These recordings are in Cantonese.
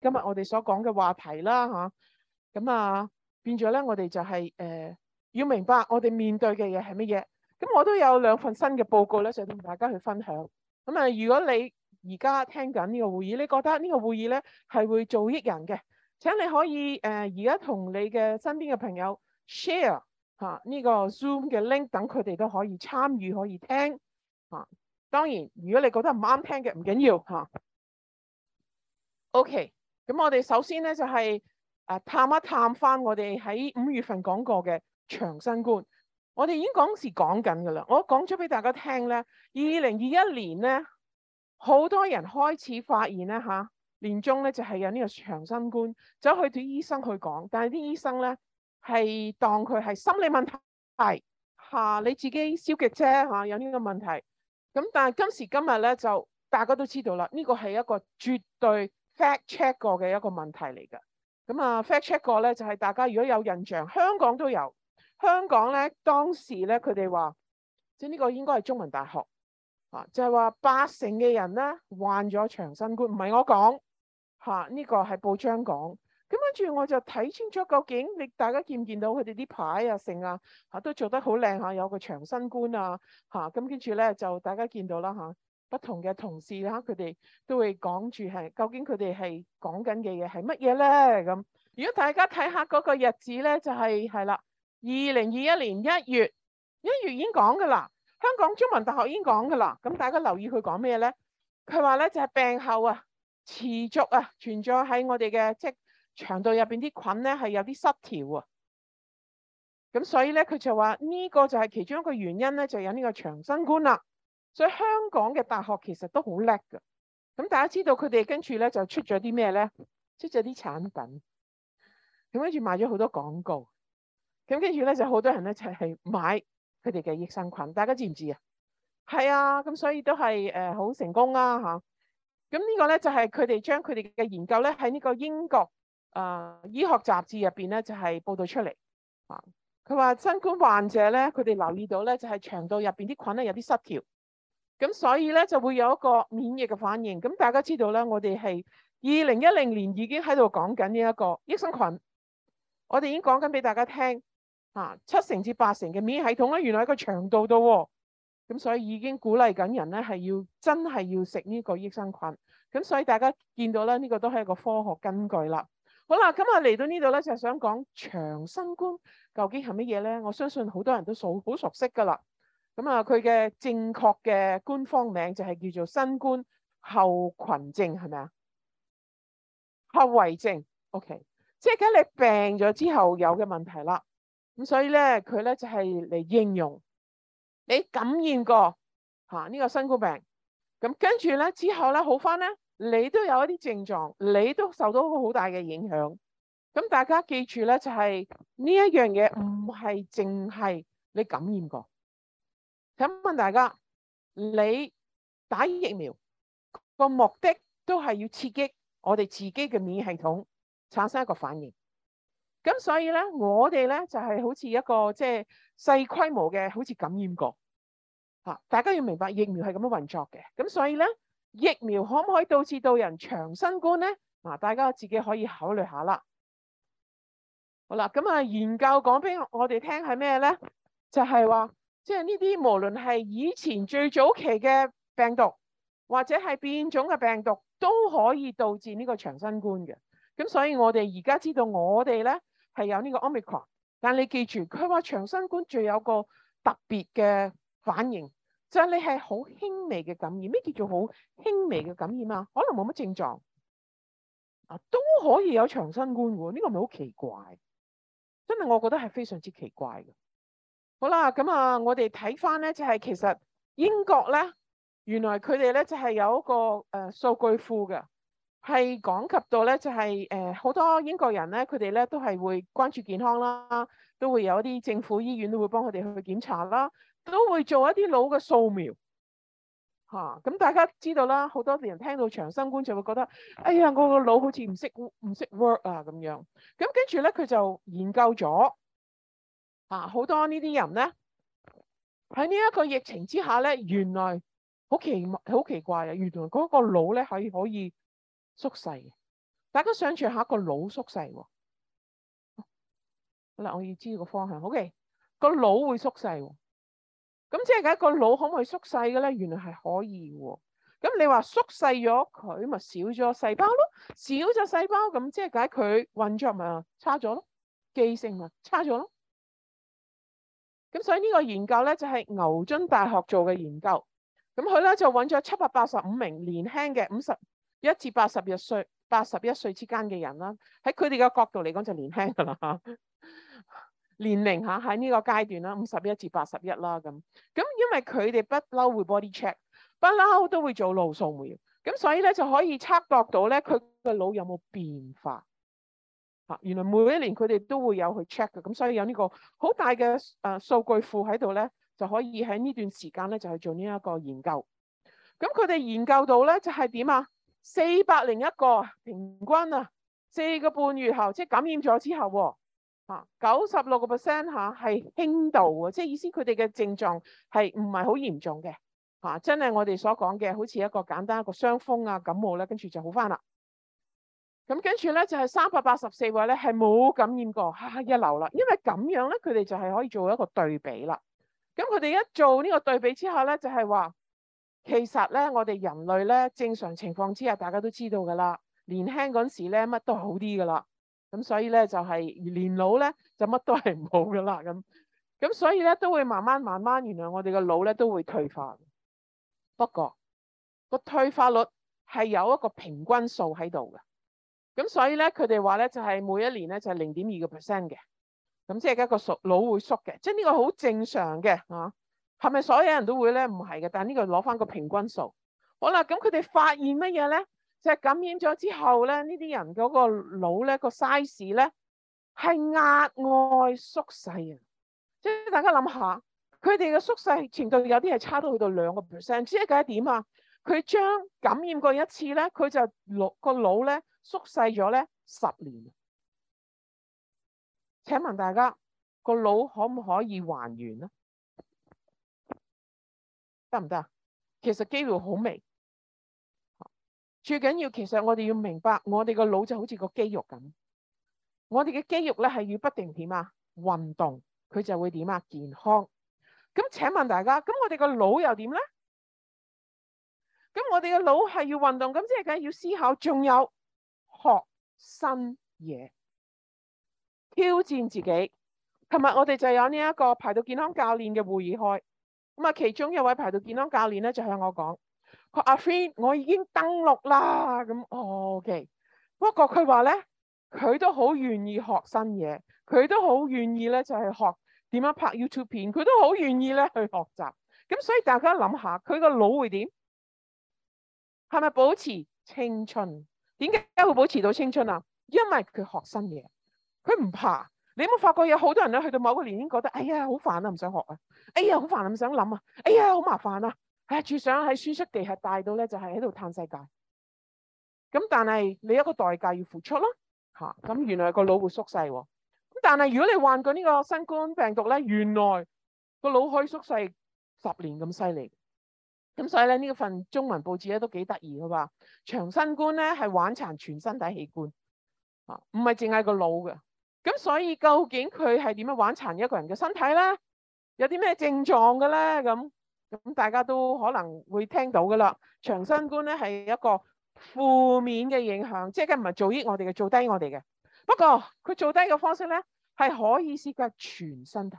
今日我哋所講嘅話題啦，吓咁啊，變咗咧，就是，我哋就係誒，要明白我哋面對嘅嘢係乜嘢。咁我都有兩份新嘅報告咧，想同大家去分享。咁啊，如果你而家聽緊呢個會議，你覺得呢個會議咧，係會做益人嘅，請你可以誒而家同你嘅身邊嘅朋友 share 吓呢個 Zoom 嘅 link，等佢哋都可以參與，可以聽。吓，當然如果你覺得唔啱聽嘅，唔緊要吓。OK。咁我哋首先咧就係、是、誒探一探翻，我哋喺五月份講過嘅長新冠，我哋已經時講是講緊噶啦。我講咗俾大家聽咧，二零二一年咧，好多人開始發現咧吓、啊，年終咧就係、是、有呢個長新冠，走去睇醫生去講，但係啲醫生咧係當佢係心理問題吓、啊，你自己消極啫吓、啊，有呢個問題。咁但係今時今日咧就大家都知道啦，呢、這個係一個絕對。fact check 過嘅一個問題嚟㗎，咁啊 fact check 過咧就係、是、大家如果有印象，香港都有，香港咧當時咧佢哋話，即係呢個應該係中文大學，啊就係、是、話八成嘅人咧患咗長新冠。唔係我講，嚇、這、呢個係報章講。咁跟住我就睇清楚究竟你大家見唔見到佢哋啲牌啊剩啊嚇都做得好靚嚇，有個長新冠啊嚇，咁跟住咧就大家見到啦嚇。不同嘅同事啦，佢哋都會講住係，究竟佢哋係講緊嘅嘢係乜嘢咧？咁如果大家睇下嗰個日子咧，就係係啦，二零二一年一月，一月已經講噶啦，香港中文大學已經講噶啦。咁大家留意佢講咩咧？佢話咧就係、是、病後啊，持續啊，存在喺我哋嘅即係腸道入邊啲菌咧，係有啲失調啊。咁所以咧，佢就話呢個就係其中一個原因咧，就是、有呢個長新冠啦。所以香港嘅大學其實都好叻噶。咁大家知道佢哋跟住咧就出咗啲咩咧？出咗啲產品，咁跟住賣咗好多廣告。咁跟住咧就好多人咧就係買佢哋嘅益生菌。大家知唔知啊？係啊，咁所以都係誒好成功啦、啊、吓。咁呢個咧就係佢哋將佢哋嘅研究咧喺呢個英國誒、呃、醫學雜誌入邊咧就係報道出嚟。啊，佢話新冠患者咧，佢哋留意到咧就係腸道入邊啲菌咧有啲失調。咁所以咧就會有一個免疫嘅反應。咁大家知道咧，我哋係二零一零年已經喺度講緊呢一個益生菌，我哋已經講緊俾大家聽，吓、啊、七成至八成嘅免疫系統咧，原來喺個腸道度、哦。咁所以已經鼓勵緊人咧，係要真係要食呢個益生菌。咁所以大家見到咧，呢、這個都係一個科學根據啦。好啦，咁啊嚟到呢度咧就係想講長新冠究竟係乜嘢咧？我相信好多人都熟好熟悉噶啦。咁啊，佢嘅正確嘅官方名就係叫做新冠後群症，係咪啊？後遺症，OK，即係而你病咗之後有嘅問題啦。咁所以咧，佢咧就係、是、嚟形容你感染過吓呢個新冠病，咁跟住咧之後咧好翻咧，你都有一啲症狀，你都受到好大嘅影響。咁大家記住咧，就係呢一樣嘢唔係淨係你感染過。想問大家，你打疫苗個目的都係要刺激我哋自己嘅免疫系統產生一個反應。咁所以咧，我哋咧就係、是、好似一個即係細規模嘅好似感染過。吓，大家要明白疫苗係咁樣運作嘅。咁所以咧，疫苗可唔可以導致到人長新冠咧？嗱，大家自己可以考慮下啦。好啦，咁啊，研究講俾我哋聽係咩咧？就係、是、話。即係呢啲，無論係以前最早期嘅病毒，或者係變種嘅病毒，都可以導致呢個長新冠嘅。咁所以我哋而家知道我們呢，我哋咧係有呢個 Omicron。但係你記住，佢話長新冠最有個特別嘅反應，就係、是、你係好輕微嘅感染。咩叫做好輕微嘅感染啊？可能冇乜症狀啊，都可以有長新冠嘅。呢、這個咪好奇怪，真係我覺得係非常之奇怪嘅。好啦，咁啊，我哋睇翻咧，就係、是、其實英國咧，原來佢哋咧就係、是、有一個誒、呃、數據庫嘅，係講及到咧就係誒好多英國人咧，佢哋咧都係會關注健康啦，都會有一啲政府醫院都會幫佢哋去檢查啦，都會做一啲腦嘅掃描吓。咁、啊、大家知道啦，好多人聽到長新冠就會覺得，哎呀，我個腦好似唔識唔識 work 啊咁樣。咁跟住咧，佢就研究咗。啊！好多呢啲人咧，喺呢一個疫情之下咧，原來好奇好奇怪嘅，原來嗰個腦咧係可以縮細嘅。大家想象下一個腦縮細好啦，我要知道個方向。OK，個腦會縮細，咁即係解個腦可唔可以縮細嘅咧？原來係可以喎。咁你話縮細咗佢，咪少咗細胞咯？少咗細胞，咁即係解佢運作咪差咗咯？記性咪差咗咯？咁所以呢個研究咧就係、是、牛津大學做嘅研究，咁佢咧就揾咗七百八十五名年輕嘅五十一至八十一歲、八十一歲之間嘅人啦，喺佢哋嘅角度嚟講就年輕噶啦嚇， 年齡嚇喺呢個階段啦，五十一至八十一啦咁，咁因為佢哋不嬲會 body check，不嬲都會做腦掃描，咁所以咧就可以測度到咧佢個腦有冇變化。原來每一年佢哋都會有去 check 嘅，咁所以有呢個好大嘅誒數據庫喺度咧，就可以喺呢段時間咧就去、是、做呢一個研究。咁佢哋研究到咧就係點啊？四百零一個平均啊，四個半月後即係、就是、感染咗之後喎，九十六個 percent 嚇係輕度啊，即、就、係、是、意思佢哋嘅症狀係唔係好嚴重嘅？嚇真係我哋所講嘅，好似一個簡單一個傷風啊感冒咧，跟住就好返啦。咁跟住咧就係三百八十四位咧係冇感染過，哈哈，一流啦！因為咁樣咧，佢哋就係可以做一個對比啦。咁佢哋一做呢個對比之後咧，就係話其實咧，我哋人類咧正常情況之下，大家都知道噶啦。年輕嗰時咧，乜都好啲噶啦。咁所以咧就係而年老咧就乜都係唔好噶啦。咁咁所以咧都會慢慢慢慢原，原來我哋個腦咧都會退化。不過個退化率係有一個平均數喺度嘅。咁所以咧，佢哋話咧就係每一年咧就係零點二個 percent 嘅，咁即係一個縮腦會縮嘅，即係呢個好正常嘅係係咪所有人都會咧？唔係嘅，但係呢個攞翻個平均數。好啦，咁佢哋發現乜嘢咧？就係感染咗之後咧，呢啲人嗰個腦咧個 size 咧係額外縮細啊！即係大家諗下，佢哋嘅縮細程度有啲係差到去到兩個 percent，即係究竟點啊？佢將感染過一次咧，佢就腦個腦咧。縮細咗咧十年，請問大家個腦可唔可以還原？得唔得啊？其實機會好微。最緊要，其實我哋要明白，我哋個腦就好似個肌肉咁，我哋嘅肌肉咧係要不停點啊運動，佢就會點啊健康。咁請問大家，咁我哋個腦又點咧？咁我哋嘅腦係要運動，咁即係梗係要思考，仲有。學新嘢，挑戰自己。琴日我哋就有呢一個排到健康教練嘅會議開，咁啊，其中一位排到健康教練咧就向我講：阿、啊、Finn，我已經登錄啦。咁、哦、OK，不過佢話咧，佢都好願意學新嘢，佢都好願意咧就係、是、學點樣拍 YouTube 片，佢都好願意咧去學習。咁所以大家諗下，佢個腦會點？係咪保持青春？點解會保持到青春啊？因為佢學新嘢，佢唔怕。你有冇發覺有好多人咧去到某個年齡覺得，哎呀好煩啊，唔想學啊，哎呀好煩啊，唔想諗啊，哎呀好麻煩啊，係、哎、住想喺舒適地帶到咧就係喺度嘆世界。咁但係你一個代價要付出咯，嚇、啊、咁原來個腦會縮細喎。咁但係如果你患過呢個新冠病毒咧，原來個腦可以縮細十年咁犀利。咁所以咧呢一份中文報紙咧都幾得意嘅。話長身官咧係玩殘全身體器官啊，唔係淨係個腦嘅。咁所以究竟佢係點樣玩殘一個人嘅身體咧？有啲咩症狀嘅咧？咁咁大家都可能會聽到嘅啦。長身官咧係一個負面嘅影響，即係唔係做益我哋嘅，做低我哋嘅。不過佢做低嘅方式咧係可以涉及全身體。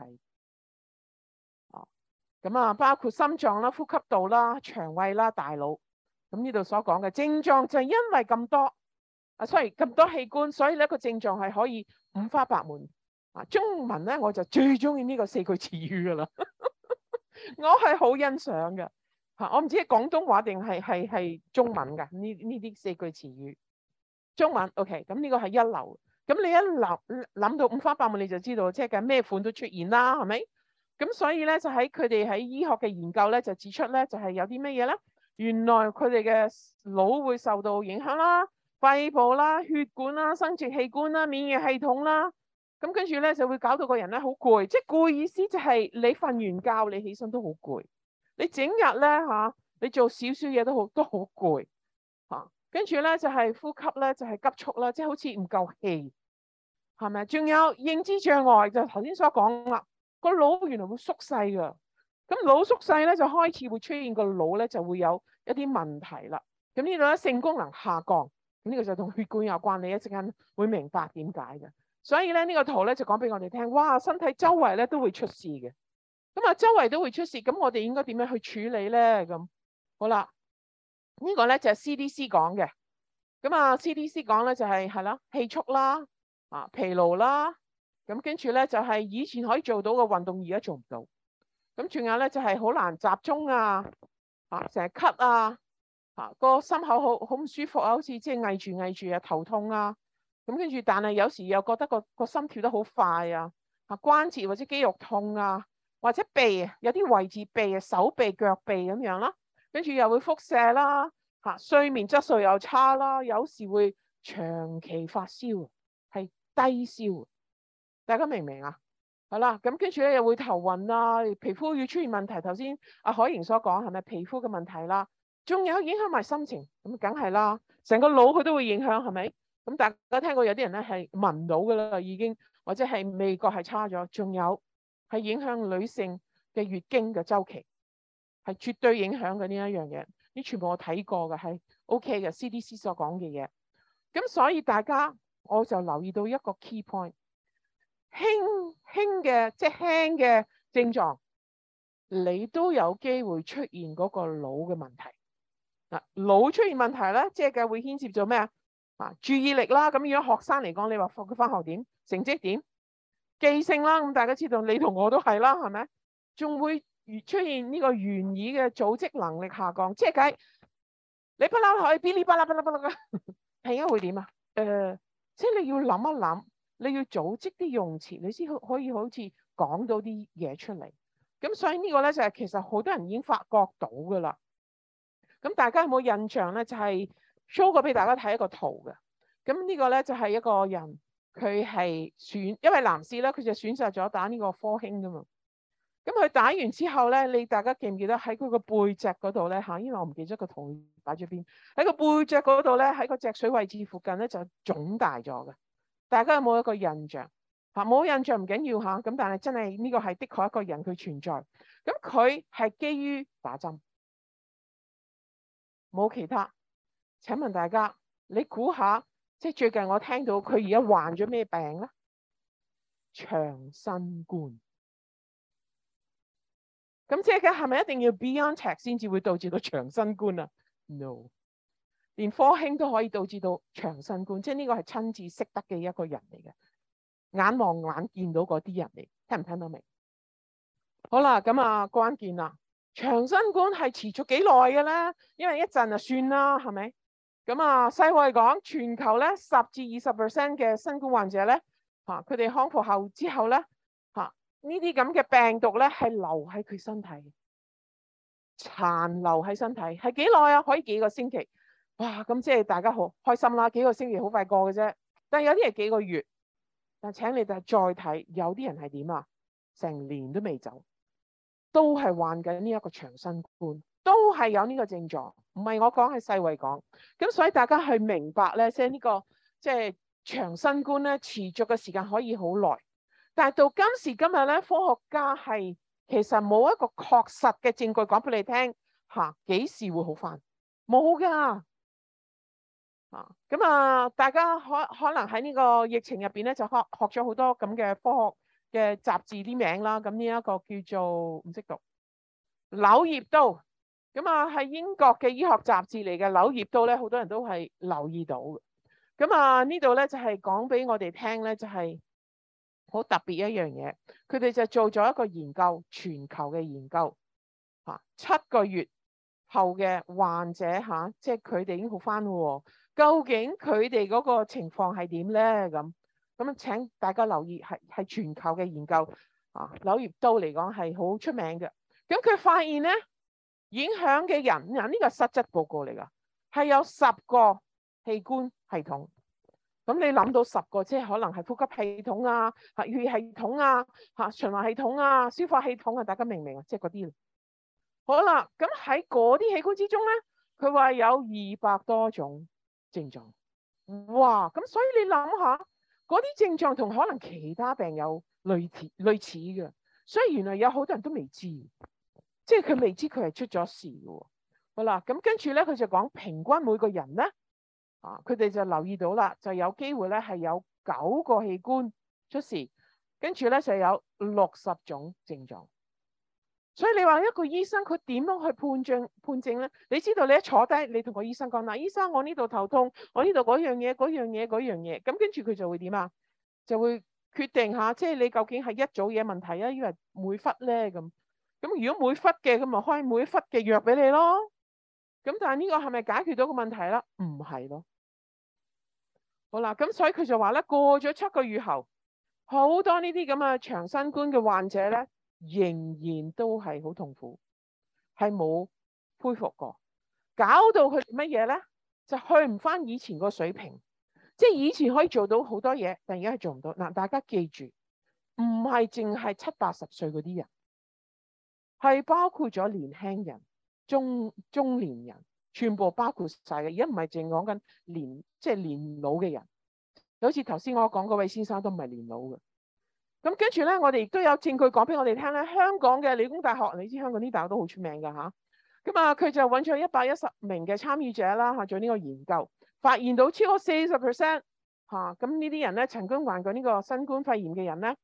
咁啊，包括心臟啦、呼吸道啦、腸胃啦、大腦。咁呢度所講嘅症狀就係因為咁多，啊，sorry 咁多器官，所以咧個症狀係可以五花八門。啊，中文咧我就最中意呢個四句詞語噶啦、 啊，我係好欣賞嘅。嚇，我唔知係廣東話定係係係中文噶？呢呢啲四句詞語，中文 OK。咁呢個係一流。咁你一諗諗到五花八門，你就知道即係咩款都出現啦，係咪？咁所以咧，就喺佢哋喺醫學嘅研究咧，就指出咧，就係有啲乜嘢咧？原來佢哋嘅腦會受到影響啦，肺部啦、血管啦、生殖器官啦、免疫系統啦，咁跟住咧就會搞到個人咧好攰，即係攰意思就係你瞓完覺你起身都好攰，你整日咧嚇，你做少少嘢都好都好攰嚇，跟住咧就係呼吸咧就係急促啦，即係好似唔夠氣，係咪？仲有認知障礙就頭先所講啦。個腦原來會縮細噶，咁腦縮細咧就開始會出現個腦咧就會有一啲問題啦。咁呢度咧，性功能下降，咁呢個就同血管有關，你一陣間會明白點解嘅。所以咧呢個圖咧就講俾我哋聽，哇，身體周圍咧都會出事嘅。咁啊周圍都會出事，咁我哋應該點樣去處理咧？咁好啦，呢個咧就係 C D C 講嘅。咁啊 C D C 講咧就係係咯，氣促啦，啊疲勞啦。咁跟住咧就係以前可以做到嘅運動，而家做唔到。咁仲有咧就係好難集中啊！啊，成日咳啊！啊，個心口好好唔舒服啊，好似即係嗌住嗌住啊，頭痛啊。咁跟住，但係有時又覺得個個心跳得好快啊！啊，關節或者肌肉痛啊，或者臂啊，有啲位置臂啊，手臂、腳臂咁樣啦。跟住又會輻射啦，嚇睡眠質素，素又差啦。有時會長期發燒，係低燒。大家明唔明啊？好啦，咁跟住咧又會頭暈啦，皮膚要出現問題。頭先阿海瑩所講係咪皮膚嘅問題啦？仲有影響埋心情，咁梗係啦，成個腦佢都會影響，係咪？咁大家聽過有啲人咧係聞到噶啦，已經或者係味覺係差咗，仲有係影響女性嘅月經嘅周期，係絕對影響嘅呢一樣嘢。呢全部我睇過嘅係 OK 嘅 CDC 所講嘅嘢。咁所以大家我就留意到一個 key point。輕輕嘅即係輕嘅症狀，你都有機會出現嗰個腦嘅問題。嗱，腦出現問題咧，即係會牽涉到咩啊？啊，注意力啦，咁如果學生嚟講，你話放佢翻學點，成績點，記性啦，咁大家知道，你同我都係啦，係咪？仲會出現呢個言語嘅組織能力下降，即係計你不拉海嗶哩不拉不拉不拉噶，係而家會點啊？誒，即係你要諗一諗。你要組織啲用詞，你先可以好似講到啲嘢出嚟。咁所以呢個咧就係其實好多人已經發覺到噶啦。咁大家有冇印象咧？就係，show 過俾大家睇一個圖嘅。咁呢個咧就係，一個人，佢係選，一位男士咧佢就選擇咗打呢個科興噶嘛。咁佢打完之後咧，你大家記唔記得喺佢個背脊嗰度咧吓，因為我唔記得個圖擺咗邊喺個背脊嗰度咧，喺個脊髓位置附近咧就腫大咗嘅。大家有冇一個印象？嚇，冇印象唔緊要嚇，咁但係真係呢個係的確一個人佢存在。咁佢係基於打針，冇其他。請問大家，你估下，即係最近我聽到佢而家患咗咩病咧？長新冠。咁即係係咪一定要 BioNTech 先至會導致個長新冠啊？No。連科興都可以導致到長新冠，即係呢個係親自識得嘅一個人嚟嘅，眼望眼見到嗰啲人嚟，聽唔聽到明？好啦，咁啊，關鍵啦，長新冠係持續幾耐嘅咧？因為一陣啊，算啦，係咪？咁啊，世衞講全球咧十至二十 percent 嘅新冠患者咧，嚇佢哋康復後之後咧，嚇呢啲咁嘅病毒咧係留喺佢身體，殘留喺身體係幾耐啊？可以幾個星期？哇！咁即係大家好開心啦，幾個星期好快過嘅啫。但有啲係幾個月，但請請你哋再睇，有啲人係點啊？成年都未走，都係患緊呢一個長新冠，都係有呢個症狀。唔係我講，係世衞講。咁所以大家去明白咧，即、這個就是、呢個即係長新冠咧，持續嘅時間可以好耐。但到今時今日咧，科學家係其實冇一個確實嘅證據講俾你聽，吓幾時會好翻？冇噶。啊，咁啊，大家可可能喺呢個疫情入邊咧，就學學咗好多咁嘅科學嘅雜誌啲名啦。咁呢一個叫做唔識讀《柳葉刀》啊，咁啊喺英國嘅醫學雜誌嚟嘅《柳葉刀》咧，好多人都係留意到嘅。咁啊呢度咧就係講俾我哋聽咧，就係好特別一樣嘢，佢哋就做咗一個研究，全球嘅研究。吓，七個月後嘅患者吓，即係佢哋已經好翻噶喎。究竟佢哋嗰個情況係點咧？咁咁請大家留意，係係全球嘅研究啊。柳葉刀都嚟講係好出名嘅。咁佢發現咧，影響嘅人嗱，呢、呢個實質報告嚟㗎，係有十個器官系統。咁你諗到十個，即係可能係呼吸系統啊、係血系統啊、嚇循環系統啊、消化系統啊，大家明唔明啊？即係嗰啲。好啦，咁喺嗰啲器官之中咧，佢話有二百多種。症狀哇，咁所以你諗下，嗰啲症狀同可能其他病有類似的類似嘅，所以原來有好多人都未知，即係佢未知佢係出咗事嘅。好啦，咁跟住咧，佢就講平均每個人咧，啊，佢哋就留意到啦，就有機會咧係有九個器官出事，跟住咧就有六十種症狀。所以你話一個醫生佢點樣去判證判證咧？你知道你一坐低，你同個醫生講嗱，醫生我呢度頭痛，我呢度嗰樣嘢，嗰樣嘢，嗰樣嘢，咁跟住佢就會點啊？就會決定下，即係你究竟係一早嘢問題啊，依個每忽咧咁。咁如果每忽嘅咁，咪開每忽嘅藥俾你咯。咁但係呢個係咪解決到個問題啦？唔係咯。好啦，咁所以佢就話咧，過咗七個月後，好多呢啲咁啊長新冠嘅患者咧。仍然都係好痛苦，係冇恢復過，搞到佢乜嘢咧？就去唔翻以前個水平，即係以前可以做到好多嘢，但而家係做唔到嗱。大家記住，唔係淨係七八十歲嗰啲人，係包括咗年輕人、中中年人，全部包括晒嘅。而家唔係淨講緊年，即係年老嘅人，好似頭先我講嗰位先生都唔係年老嘅。咁跟住咧，我哋亦都有證據講俾我哋聽咧。香港嘅理工大學，你知香港啲大學都好出名㗎吓。咁啊，佢就搵咗一百一十名嘅參與者啦吓、啊，做呢個研究，發現到超過四十 percent 吓，咁、啊、呢啲人咧，曾經患過呢個新冠肺炎嘅人咧，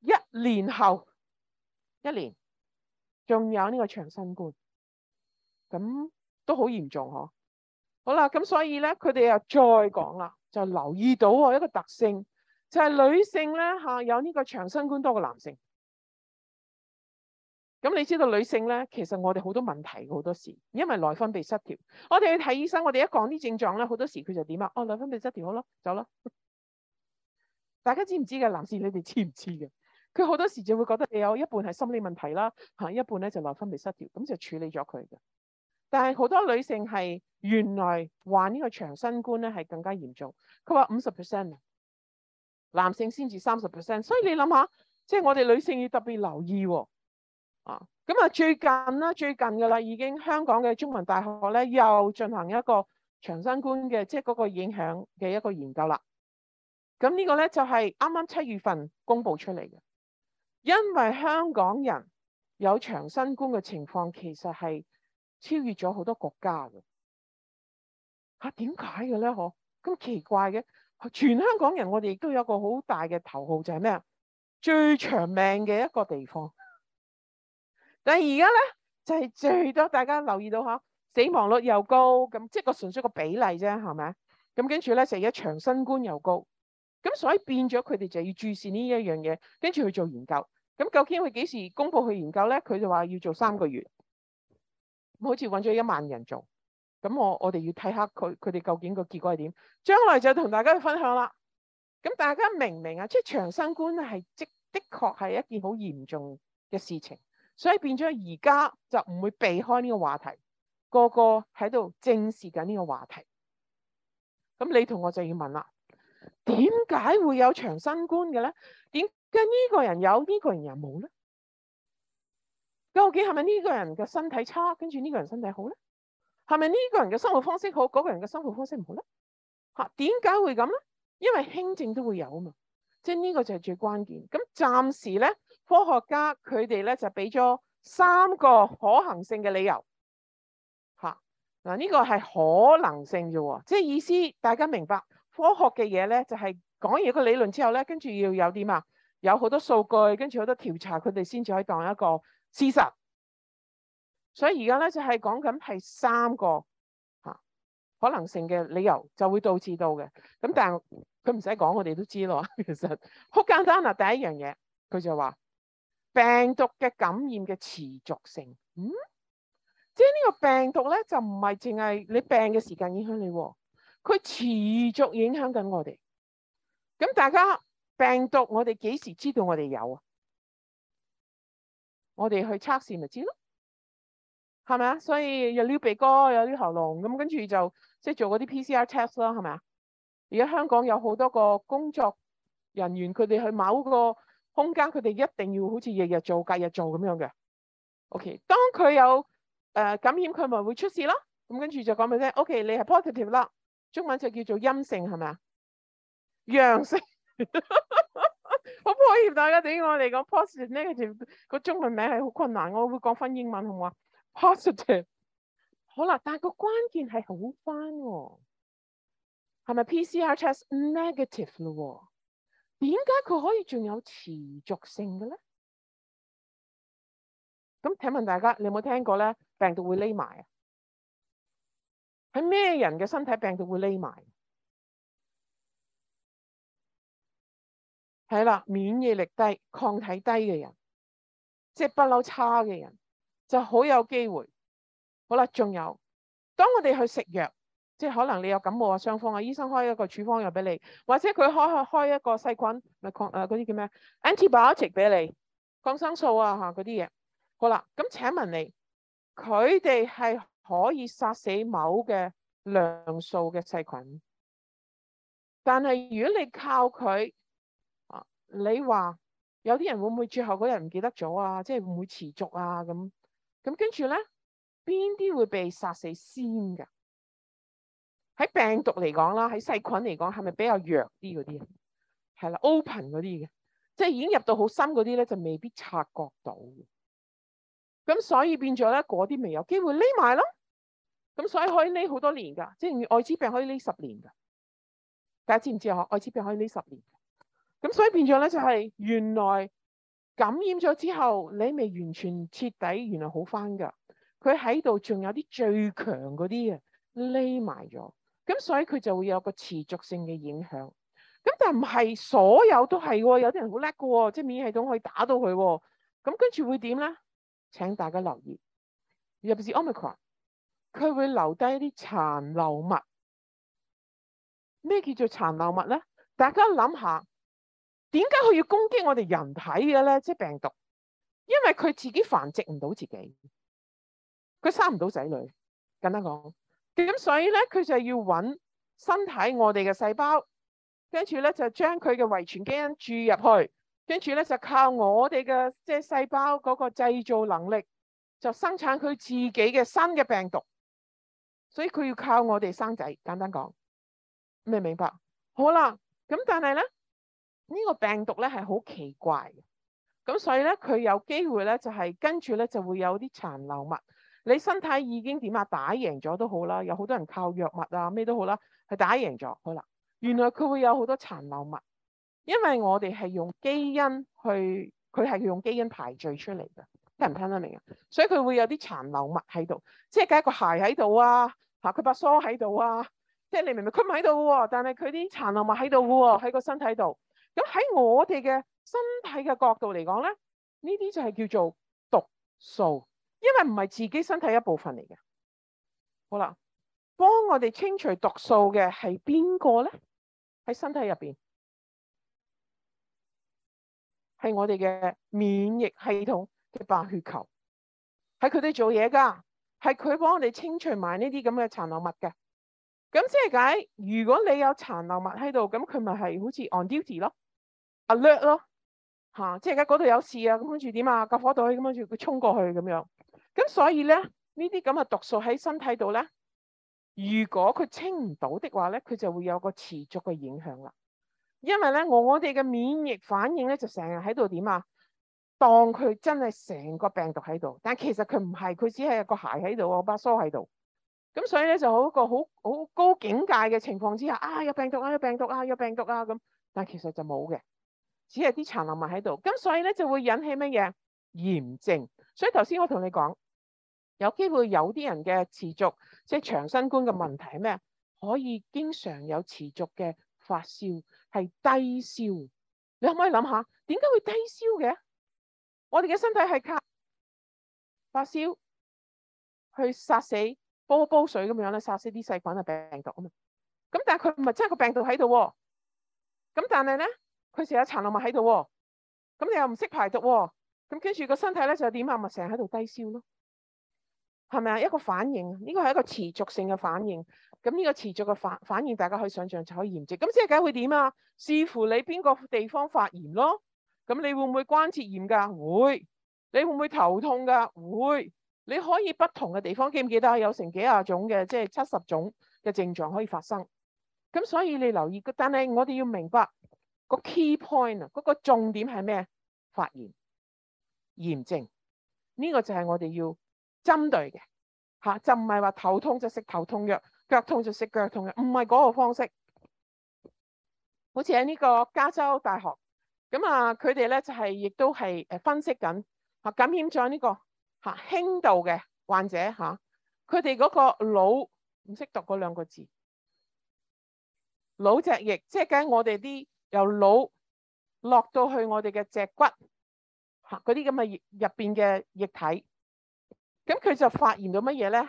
一年後一年仲有呢個長新冠，咁、啊、都好嚴重嗬、啊。好啦，咁所以咧，佢哋又再講啦，就留意到一個特性。就係女性咧，吓，有呢個長新冠多過男性。咁你知道女性咧，其實我哋好多問題好多時，因為內分泌失調。我哋去睇醫生，我哋一講啲症狀咧，好多時佢就點啊？哦，內分泌失調好咯，走咯。大家知唔知嘅？男士，你哋知唔知嘅？佢好多時就會覺得你有一半係心理問題啦，吓，一半咧就內分泌失調，咁就處理咗佢嘅。但係好多女性係原來患呢個長新冠咧係更加嚴重。佢話五十 percent。男性先至三十 percent，所以你諗下，即係我哋女性要特別留意喎。啊，咁啊最近啦，最近噶啦，已經香港嘅中文大學咧又進行一個長新冠嘅，即係嗰個影響嘅一個研究啦。咁呢個咧就係啱啱七月份公布出嚟嘅，因為香港人有長新冠嘅情況，其實係超越咗好多國家嘅。嚇點解嘅咧？嗬，咁奇怪嘅。全香港人，我哋亦都有個好大嘅頭號，就係咩啊？最長命嘅一個地方。但係而家咧，就係、是、最多大家留意到吓死亡率又高，咁即係個純粹個比例啫，係咪？咁跟住咧，成一長新冠又高，咁所以變咗佢哋就要注視呢一樣嘢，跟住去做研究。咁究竟佢幾時公佈去研究咧？佢就話要做三個月，好似搵咗一萬人做。咁我我哋要睇下佢佢哋究竟個結果係點，將來就同大家分享啦。咁大家明唔明啊？即係長生觀係即的確係一件好嚴重嘅事情，所以變咗而家就唔會避開呢個話題，個個喺度正視緊呢個話題。咁你同我就要問啦，點解會有長生觀嘅咧？點解呢個人有呢個人又冇咧？究竟係咪呢個人嘅身體差，跟住呢個人身體好咧？係咪呢個人嘅生活方式好，嗰個人嘅生活方式唔好咧？嚇，點解會咁咧？因為輕症都會有啊嘛，即係呢個就係最關鍵。咁暫時咧，科學家佢哋咧就俾咗三個可行性嘅理由。嚇嗱，呢個係可能性啫喎，即係意思大家明白科學嘅嘢咧，就係講完一個理論之後咧，跟住要有啲嘛，有好多數據，跟住好多調查，佢哋先至可以當一個事實。所以而家咧就係講緊係三個嚇可能性嘅理由，就會導致到嘅。咁但係佢唔使講，我哋都知咯。其實好簡單啊！第一樣嘢，佢就話病毒嘅感染嘅持續性，嗯，即係呢個病毒咧就唔係淨係你病嘅時間影響你，佢持續影響緊我哋。咁大家病毒，我哋幾時知道我哋有啊？我哋去測試咪知咯。係咪啊？所以有撩鼻哥，有撩喉嚨咁，跟住就即係做嗰啲 P.C.R. test 啦，係咪啊？而家香港有好多個工作人員，佢哋去某個空間，佢哋一定要好似日日做、隔日做咁樣嘅。O.K.，當佢有誒感染，佢咪會出事咯。咁跟住就講俾你聽，O.K. 你係 positive 啦，中文就叫做陰性，係咪啊？陽性，好 抱歉大家，點解我哋講 positive negative？個中文名係好困難，我會講翻英文好唔好啊？Positive，好啦，但係個關鍵係好翻喎，係咪 PCR test negative 咯？點解佢可以仲有持續性嘅咧？咁請問大家，你有冇聽過咧？病毒會匿埋啊？喺咩人嘅身體，病毒會匿埋？係啦，免疫力低、抗體低嘅人，即係不嬲差嘅人。就好有機會，好啦，仲有當我哋去食藥，即係可能你有感冒啊、傷風啊，醫生開一個處方藥俾你，或者佢開開一個細菌咪抗誒嗰啲叫咩 antibiotic 俾你抗生素啊吓嗰啲嘢，好啦，咁請問你，佢哋係可以殺死某嘅量數嘅細菌，但係如果你靠佢啊，你話有啲人會唔會最後嗰日唔記得咗啊？即係會唔會持續啊咁？咁跟住咧，邊啲會被殺死先噶？喺病毒嚟講啦，喺細菌嚟講係咪比較弱啲嗰啲啊？係啦，open 嗰啲嘅，即係已經入到好深嗰啲咧，就未必察覺到。咁所以變咗咧，嗰啲未有機會匿埋咯。咁所以可以匿好多年噶，即係愛滋病可以匿十年噶。大家知唔知啊？愛滋病可以匿十年。咁所以變咗咧，就係原來。感染咗之後，你未完全徹底，原來好翻。噶佢喺度仲有啲最強嗰啲啊，匿埋咗。咁所以佢就會有個持續性嘅影響。咁但唔係所有都係，哦，有啲人好叻噶，即係免疫系統可以打到佢，哦。咁跟住會點咧？請大家留意，尤其是 Omicron，佢會留低一啲殘留物。咩叫做殘留物咧？大家諗下。點解佢要攻擊我哋人體嘅咧？即係病毒，因為佢自己繁殖唔到自己，佢生唔到仔女，簡單講。咁所以咧，佢就要揾身體我哋嘅細胞，跟住咧就將佢嘅遺傳基因注入去，跟住咧就靠我哋嘅即係細胞嗰個製造能力，就生產佢自己嘅新嘅病毒。所以佢要靠我哋生仔，簡單講，明唔明白？好啦，咁但係咧。呢個病毒咧，係好奇怪嘅。咁所以咧，佢有機會咧，就係跟住咧，就會有啲殘留物。你身體已經點啊，打贏咗都好啦，有好多人靠藥物啊咩都好啦，係打贏咗，好啦，原來佢會有好多殘留物，因為我哋係用基因去，佢係用基因排序出嚟嘅，聽唔聽得明啊？所以佢會有啲殘留物喺度，即係搞一個鞋喺度啊，吓，佢把梳喺度啊，即係你明唔明？佢唔喺度嘅，但係佢啲殘留物喺度喎，喺個身體度。咁喺我哋嘅身體嘅角度嚟講咧，呢啲就係叫做毒素，因為唔係自己身體一部分嚟嘅。好啦，幫我哋清除毒素嘅係邊個咧？喺身體入邊係我哋嘅免疫系統嘅白血球，係佢哋做嘢噶，係佢幫我哋清除埋呢啲咁嘅殘留物嘅。咁即係解，如果你有殘留物喺度，咁佢咪係好似 on duty 咯。alert 咯，吓即係而家嗰度有事啊！咁跟住點啊？救火隊咁跟住佢衝過去咁樣。咁所以咧，呢啲咁嘅毒素喺身體度咧，如果佢清唔到的話咧，佢就會有個持續嘅影響啦。因為咧，我哋嘅免疫反應咧就成日喺度點啊？當佢真係成個病毒喺度，但其實佢唔係，佢只係個鞋喺度，我把梳喺度。咁所以咧，就好一個好好高境界嘅情況之下，啊有病毒啊有病毒啊有病毒啊咁、啊，但其實就冇嘅。只係啲殘留物喺度，咁所以咧就會引起乜嘢炎症。所以頭先我同你講，有機會有啲人嘅持續即係、就是、長新冠嘅問題係咩？可以經常有持續嘅發燒，係低燒。你可唔可以諗下點解會低燒嘅？我哋嘅身體係靠發燒去殺死煲煲水咁樣咧，殺死啲細菌嘅病毒啊嘛。咁但係佢唔係真係個病毒喺度喎。咁但係咧？佢成日殘留物喺度，咁你又唔識排毒，咁跟住個身體咧就點啊？咪成日喺度低燒咯，係咪啊？一個反應，呢個係一個持續性嘅反應。咁呢個持續嘅反反應，大家可以想象就可以驗證。咁即係梗係會點啊？視乎你邊個地方發炎咯。咁你會唔會關節炎噶？會。你會唔會頭痛噶？會。你可以不同嘅地方記唔記得啊？有成幾十種嘅，即係七十種嘅、就是、症狀可以發生。咁所以你留意，但係我哋要明白。那個 key point 啊，嗰個重點係咩？發炎、炎症，呢、這個就係我哋要針對嘅吓，就唔係話頭痛就食頭痛藥，腳痛就食腳痛藥，唔係嗰個方式。好似喺呢個加州大學，咁啊，佢哋咧就係、是、亦都係誒分析緊嚇感染咗呢、這個嚇輕度嘅患者吓，佢哋嗰個腦唔識讀嗰兩個字，腦脊液，即係講我哋啲。由腦落到去我哋嘅脊骨，吓嗰啲咁嘅液入邊嘅液體，咁佢就發現到乜嘢咧？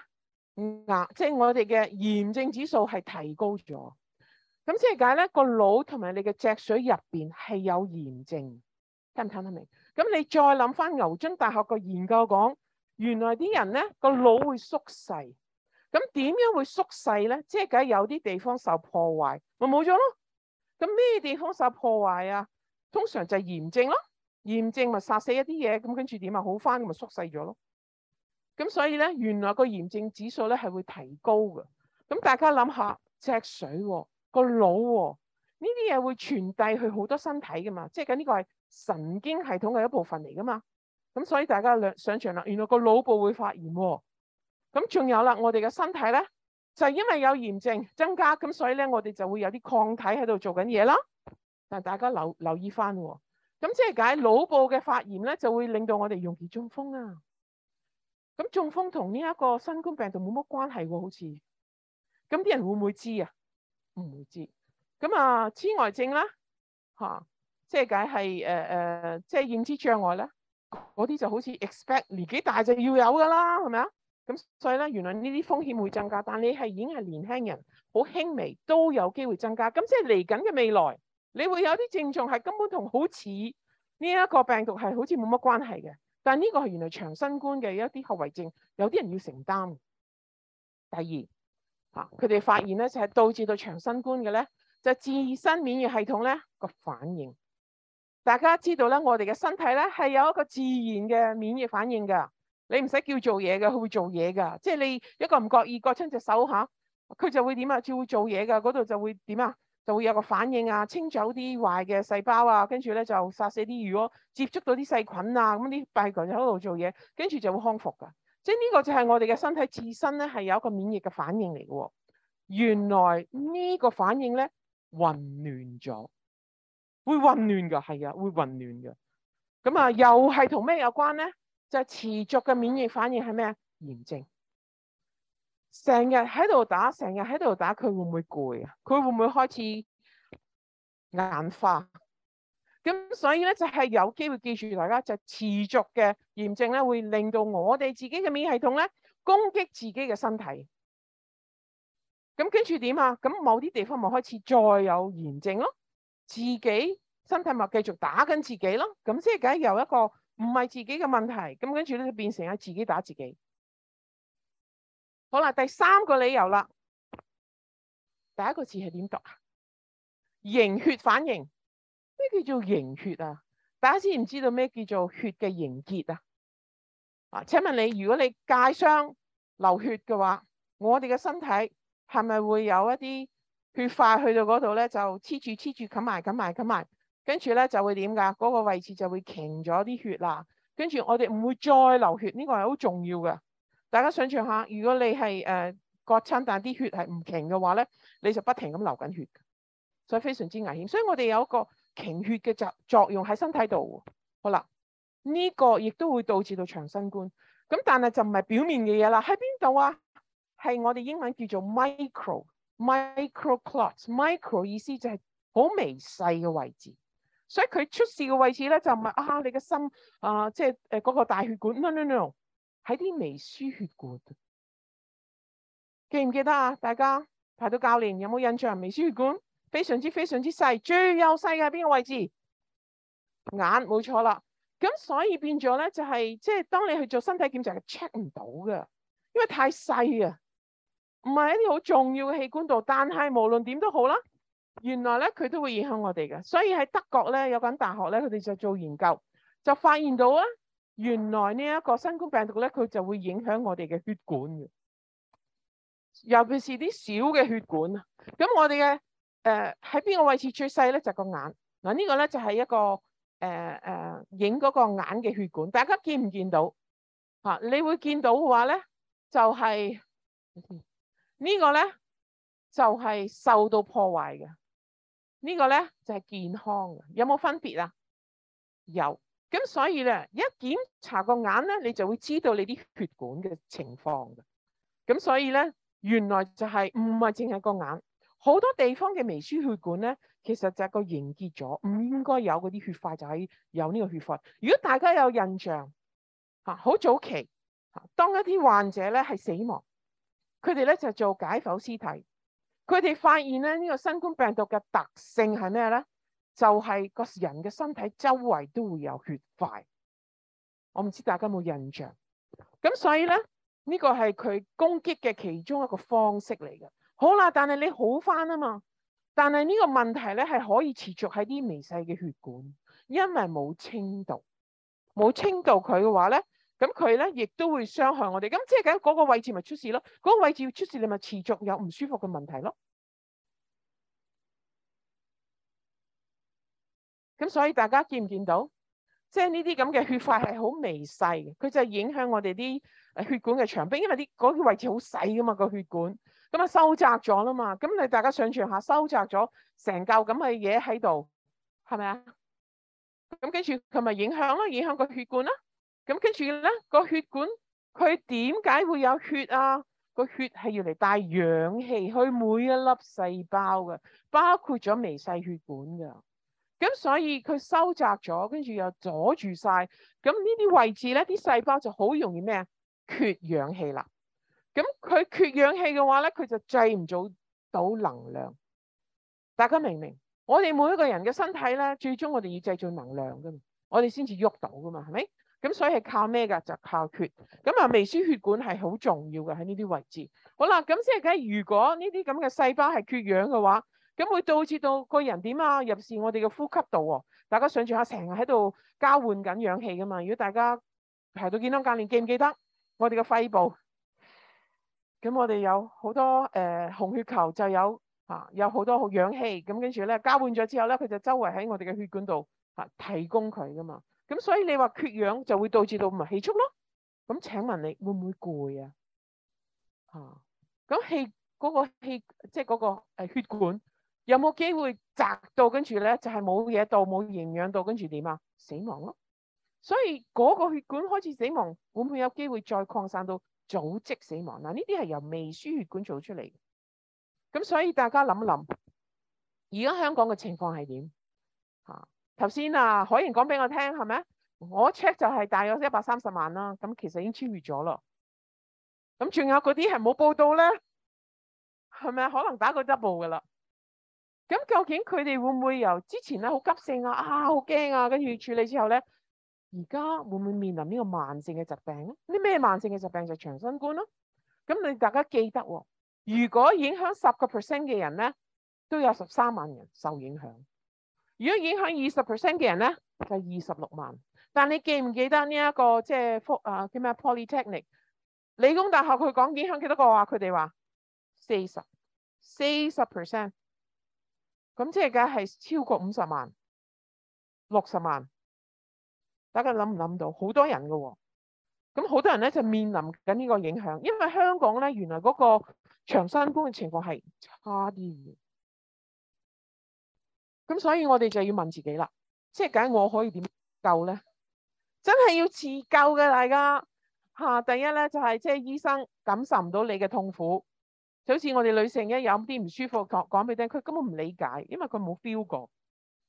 嗯、啊，即係我哋嘅炎症指數係提高咗。咁即係解咧，個腦同埋你嘅脊髓入邊係有炎症，聽唔聽得明？咁你再諗翻牛津大學個研究講，原來啲人咧個腦會縮細，咁點樣會縮細咧？即係解有啲地方受破壞，咪冇咗咯。咁咩地方受破壞啊？通常就係炎症咯，炎症咪殺死一啲嘢，咁跟住點啊？好翻咪縮細咗咯。咁所以咧，原來個炎症指數咧係會提高嘅。咁大家諗下脊髓、哦、個腦呢啲嘢會傳遞去好多身體㗎嘛，即係緊呢個係神經系統嘅一部分嚟噶嘛。咁所以大家想像啦，原來個腦部會發炎。咁仲有啦，我哋嘅身體咧。就係因為有炎症增加，咁所以咧我哋就會有啲抗體喺度做緊嘢啦。但大家留留意翻喎，咁即係解腦部嘅發炎咧，就會令到我哋容易中風啊。咁中風同呢一個新冠病毒冇乜關係喎、啊，好似。咁啲人會唔會知啊？唔會知。咁啊，痴呆症啦，嚇、啊，即、就、係、是、解係誒誒，即、呃、係、呃就是、認知障礙咧，嗰啲就好似 expect 年紀大就要有噶啦，係咪啊？咁所以咧，原來呢啲風險會增加，但你係已經係年輕人，好輕微都有機會增加。咁即係嚟緊嘅未來，你會有啲症狀係根本同好似呢一個病毒係好似冇乜關係嘅，但呢個係原來長新冠嘅一啲後遺症，有啲人要承擔。第二嚇，佢哋發現咧就係導致到長新冠嘅咧，就係自身免疫系統咧個反應。大家知道咧，我哋嘅身體咧係有一個自然嘅免疫反應㗎。你唔使叫做嘢嘅，佢會做嘢噶，即係你一個唔覺意割親隻手下，佢就會點啊？就會做嘢噶，嗰度就會點啊？就會有個反應啊，清走啲壞嘅細胞啊，跟住咧就殺死啲如果接觸到啲細菌啊，咁啲白血球喺度做嘢，跟住就會康復噶。即係呢個就係我哋嘅身體自身咧，係有一個免疫嘅反應嚟嘅。原來呢個反應咧混亂咗，會混亂嘅，係啊，會混亂嘅。咁啊，又係同咩有關咧？就係持續嘅免疫反應係咩啊？炎症，成日喺度打，成日喺度打，佢會唔會攰啊？佢會唔會開始眼花？咁所以咧就係、是、有機會記住大家就是、持續嘅炎症咧，會令到我哋自己嘅免疫系統咧攻擊自己嘅身體。咁跟住點啊？咁某啲地方咪開始再有炎症咯，自己身體咪繼續打緊自己咯。咁即係梗有一個。唔係自己嘅問題，咁跟住咧變成啊自己打自己。好啦，第三個理由啦，第一個字係點讀啊？凝血反應，咩叫做凝血啊？大家知唔知道咩叫做血嘅凝結啊？啊，請問你，如果你界傷流血嘅話，我哋嘅身體係咪會有一啲血塊去到嗰度咧？就黐住黐住，冚埋冚埋冚埋。跟住咧就會點㗎？嗰個位置就會凝咗啲血啦。跟住我哋唔會再流血，呢個係好重要嘅。大家想象下，如果你係誒、呃、割親，但啲血係唔凝嘅話咧，你就不停咁流緊血，所以非常之危險。所以我哋有一個凝血嘅作作用喺身體度。好啦，呢個亦都會導致到長新冠。咁但係就唔係表面嘅嘢啦。喺邊度啊？係我哋英文叫做 micro、micro clots、micro 意思就係好微細嘅位置。所以佢出事嘅位置咧就唔係啊，你嘅心啊，即係誒嗰個大血管 no no no，喺啲微絲血管，記唔記得啊？大家排到教練有冇印象？微絲血管非常之非常之細，最幼細嘅喺邊個位置？眼，冇錯啦，咁所以變咗咧就係、是、即係當你去做身體檢查係 check 唔到嘅，因為太細啊，唔係喺啲好重要嘅器官度，但係無論點都好啦。原來咧佢都會影響我哋嘅，所以喺德國咧有間大學咧，佢哋就做研究，就發現到啊，原來呢一個新冠病毒咧，佢就會影響我哋嘅血管嘅，尤其是啲小嘅血管啊。咁我哋嘅誒喺邊個位置最細咧？就個眼這個就是個，呃呃、個眼嗱，呢個咧就係一個誒誒影嗰個眼嘅血管，大家見唔見到吓、啊？你會見到嘅話咧，就係、是這個、呢個咧就係、是、受到破壞嘅。這個、呢個咧就係、是、健康，有冇分別啊？有。咁所以咧，一檢查個眼咧，你就會知道你啲血管嘅情況嘅。咁所以咧，原來就係唔係淨係個眼，好多地方嘅微輸血管微絲血管咧，其實就係個凝結咗，唔應該有嗰啲血塊就喺、是、有呢個血塊。如果大家有印象嚇，好早期嚇，當一啲患者咧係死亡，佢哋咧就做解剖屍體。佢哋發現咧，呢個新冠病毒嘅特性係咩咧？就係個人嘅身體周圍都會有血塊。我唔知大家有冇印象。咁所以咧，呢個係佢攻擊嘅其中一個方式嚟嘅。好啦，但係你好翻啊嘛。但係呢個問題咧係可以持續喺啲微細嘅血管，因為冇清道冇清道佢嘅話咧。咁佢咧，亦都會傷害我哋。咁即係咁嗰個位置咪出事咯？嗰、嗰個位置要出事，你咪持續有唔舒服嘅問題咯。咁所以大家見唔見到？即係呢啲咁嘅血塊係好微細嘅，佢就係影響我哋啲血管嘅牆壁，因為啲嗰個位置好細噶嘛，個血管咁啊收窄咗啦嘛。咁你大家想象下，收窄咗成嚿咁嘅嘢喺度，係咪啊？咁跟住佢咪影響咯，影響個血管咯。咁跟住咧，個血管佢點解會有血啊？個血係要嚟帶氧氣去每一粒細胞嘅，包括咗微細血管嘅。咁所以佢收窄咗，跟住又阻住晒。咁呢啲位置咧，啲細胞就好容易咩啊？缺氧氣啦。咁佢缺氧氣嘅話咧，佢就製唔做到能量。大家明唔明？我哋每一個人嘅身體咧，最終我哋要製造能量噶嘛，我哋先至喐到噶嘛，係咪？咁所以係靠咩噶？就靠血。咁啊，微絲血管係好重要嘅，喺呢啲位置。好啦，咁即係，如果呢啲咁嘅細胞係缺氧嘅話，咁會導致到個人點啊？入邊我哋嘅呼吸道喎。大家想住下，成日喺度交換緊氧氣噶嘛。如果大家排到健康鍛練，記唔記得我哋嘅肺部？咁我哋有好多誒、呃、紅血球，就有啊，有好多氧氣。咁跟住咧，交換咗之後咧，佢就周圍喺我哋嘅血管度嚇、啊、提供佢噶嘛。咁所以你話缺氧就會導致到唔係氣促咯。咁請問你會唔會攰啊？吓、啊，咁氣、嗰個氣即係個誒血管有冇機會窄到，跟住咧就係冇嘢到、冇營養到，跟住點啊？死亡咯。所以嗰個血管開始死亡，會唔會有機會再擴散到組織死亡？嗱、啊，呢啲係由微輸血管做出嚟嘅。咁所以大家諗一諗，而家香港嘅情況係點？吓、啊。頭先啊，海燕講俾我聽係咪？我 check 就係大約一百三十萬啦。咁其實已經超越咗咯。咁仲有嗰啲係冇報道咧，係咪？可能打過 double 噶啦。咁究竟佢哋會唔會由之前咧好急性啊？啊，好驚啊！跟住處理之後咧，而家會唔會面臨呢個慢性嘅疾病咧？啲咩慢性嘅疾病就是長新冠咯。咁你大家記得喎、哦，如果影響十個 percent 嘅人咧，都有十三萬人受影響。如果影響二十 percent 嘅人咧，就係二十六萬。但你記唔記得呢一個即係福啊叫咩？Polytechnic 理工大學佢講影響幾多個啊？佢哋話四十，四十 percent。咁即係梗係超過五十萬、六十萬。大家諗唔諗到，好多人嘅喎、哦。咁好多人咧就面臨緊呢個影響，因為香港咧原來嗰個長新冠嘅情況係差啲。咁所以，我哋就要問自己啦，即係解我可以點救咧？真係要自救嘅，大家嚇。第一咧就係、是、即係醫生感受唔到你嘅痛苦，就好似我哋女性有一有啲唔舒服講講俾佢，佢根本唔理解，因為佢冇 feel 過。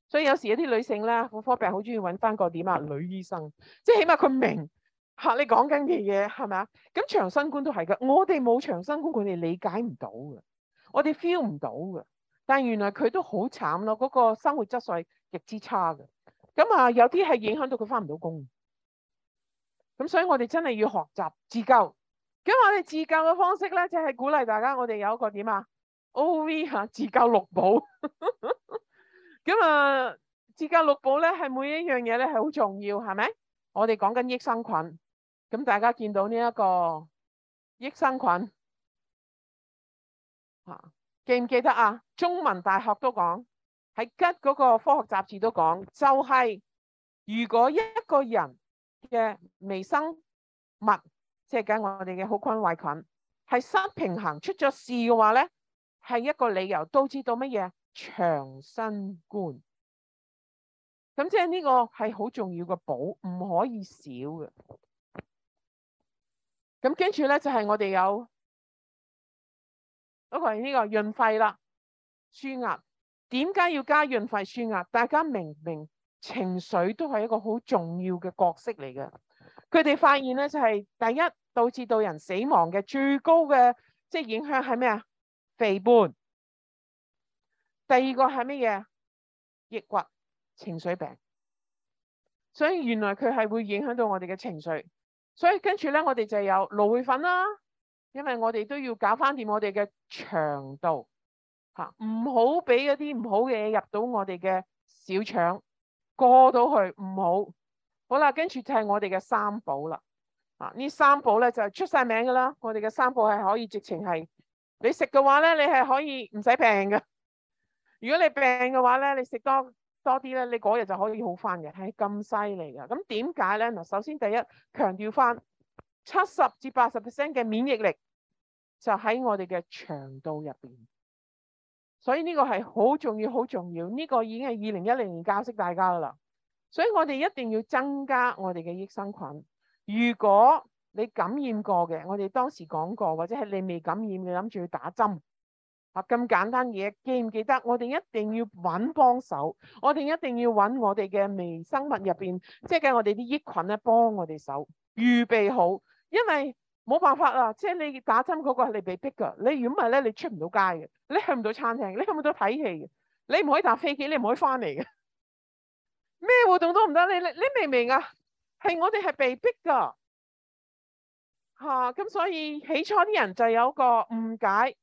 所以有時有啲女性咧，婦科病好中意揾翻個點啊女醫生，即係起碼佢明吓你講緊嘅嘢係咪啊？咁長生觀都係噶，我哋冇長生觀，佢哋理解唔到嘅，我哋 feel 唔到嘅。但係原來佢都好慘咯，嗰、那個生活質素係極之差嘅。咁啊，有啲係影響到佢翻唔到工。咁所以我哋真係要學習自救。咁我哋自救嘅方式咧，就係、是、鼓勵大家，我哋有一個點啊，OV 嚇自救六寶。咁 啊，自救六寶咧係每一樣嘢咧係好重要，係咪？我哋講緊益生菌。咁大家見到呢一個益生菌、啊記唔記得啊？中文大學都講，喺吉嗰個科學雜誌都講，就係、是、如果一個人嘅微生物，即、就、係、是、我哋嘅好菌壞菌，係失平衡出咗事嘅話咧，係一個理由都知道乜嘢長新冠。咁即係呢個係好重要嘅補，唔可以少嘅。咁跟住咧就係、是、我哋有。嗰個係呢個潤肺啦，舒壓。點解要加潤肺舒壓？大家明唔明？情緒都係一個好重要嘅角色嚟嘅。佢哋發現咧就係第一，導致到人死亡嘅最高嘅即係影響係咩啊？肥胖。第二個係乜嘢？抑鬱、情緒病。所以原來佢係會影響到我哋嘅情緒。所以跟住咧，我哋就有蘆薈粉啦。因為我哋都要搞翻掂我哋嘅腸道嚇，唔好俾嗰啲唔好嘅嘢入到我哋嘅小腸過到去，唔好好啦。跟住就係我哋嘅三寶啦啊！呢三寶咧就係出晒名㗎啦。我哋嘅三寶係可以直情係你食嘅話咧，你係可以唔使病㗎。如果你病嘅話咧，你食多多啲咧，你嗰日就可以好翻嘅，係咁犀利㗎。咁點解咧？嗱，首先第一強調翻七十至八十 percent 嘅免疫力。就喺我哋嘅腸道入邊，所以呢個係好重要，好重要。呢個已經係二零一零年教識大家啦。所以我哋一定要增加我哋嘅益生菌。如果你感染過嘅，我哋當時講過，或者係你未感染嘅，諗住去打針，啊咁簡單嘢，記唔記得？我哋一定要揾幫手，我哋一定要揾我哋嘅微生物入邊，即係我哋啲益菌咧幫我哋手，預備好，因為。冇辦法啦，即係你打針嗰個係你被逼噶。你如果唔係咧，你出唔到街嘅，你去唔到餐廳，你去唔到睇戲嘅，你唔可以搭飛機，你唔可以翻嚟嘅，咩活動都唔得。你你你明唔明啊？係我哋係被逼噶嚇，咁、啊、所以起初啲人就有個誤解，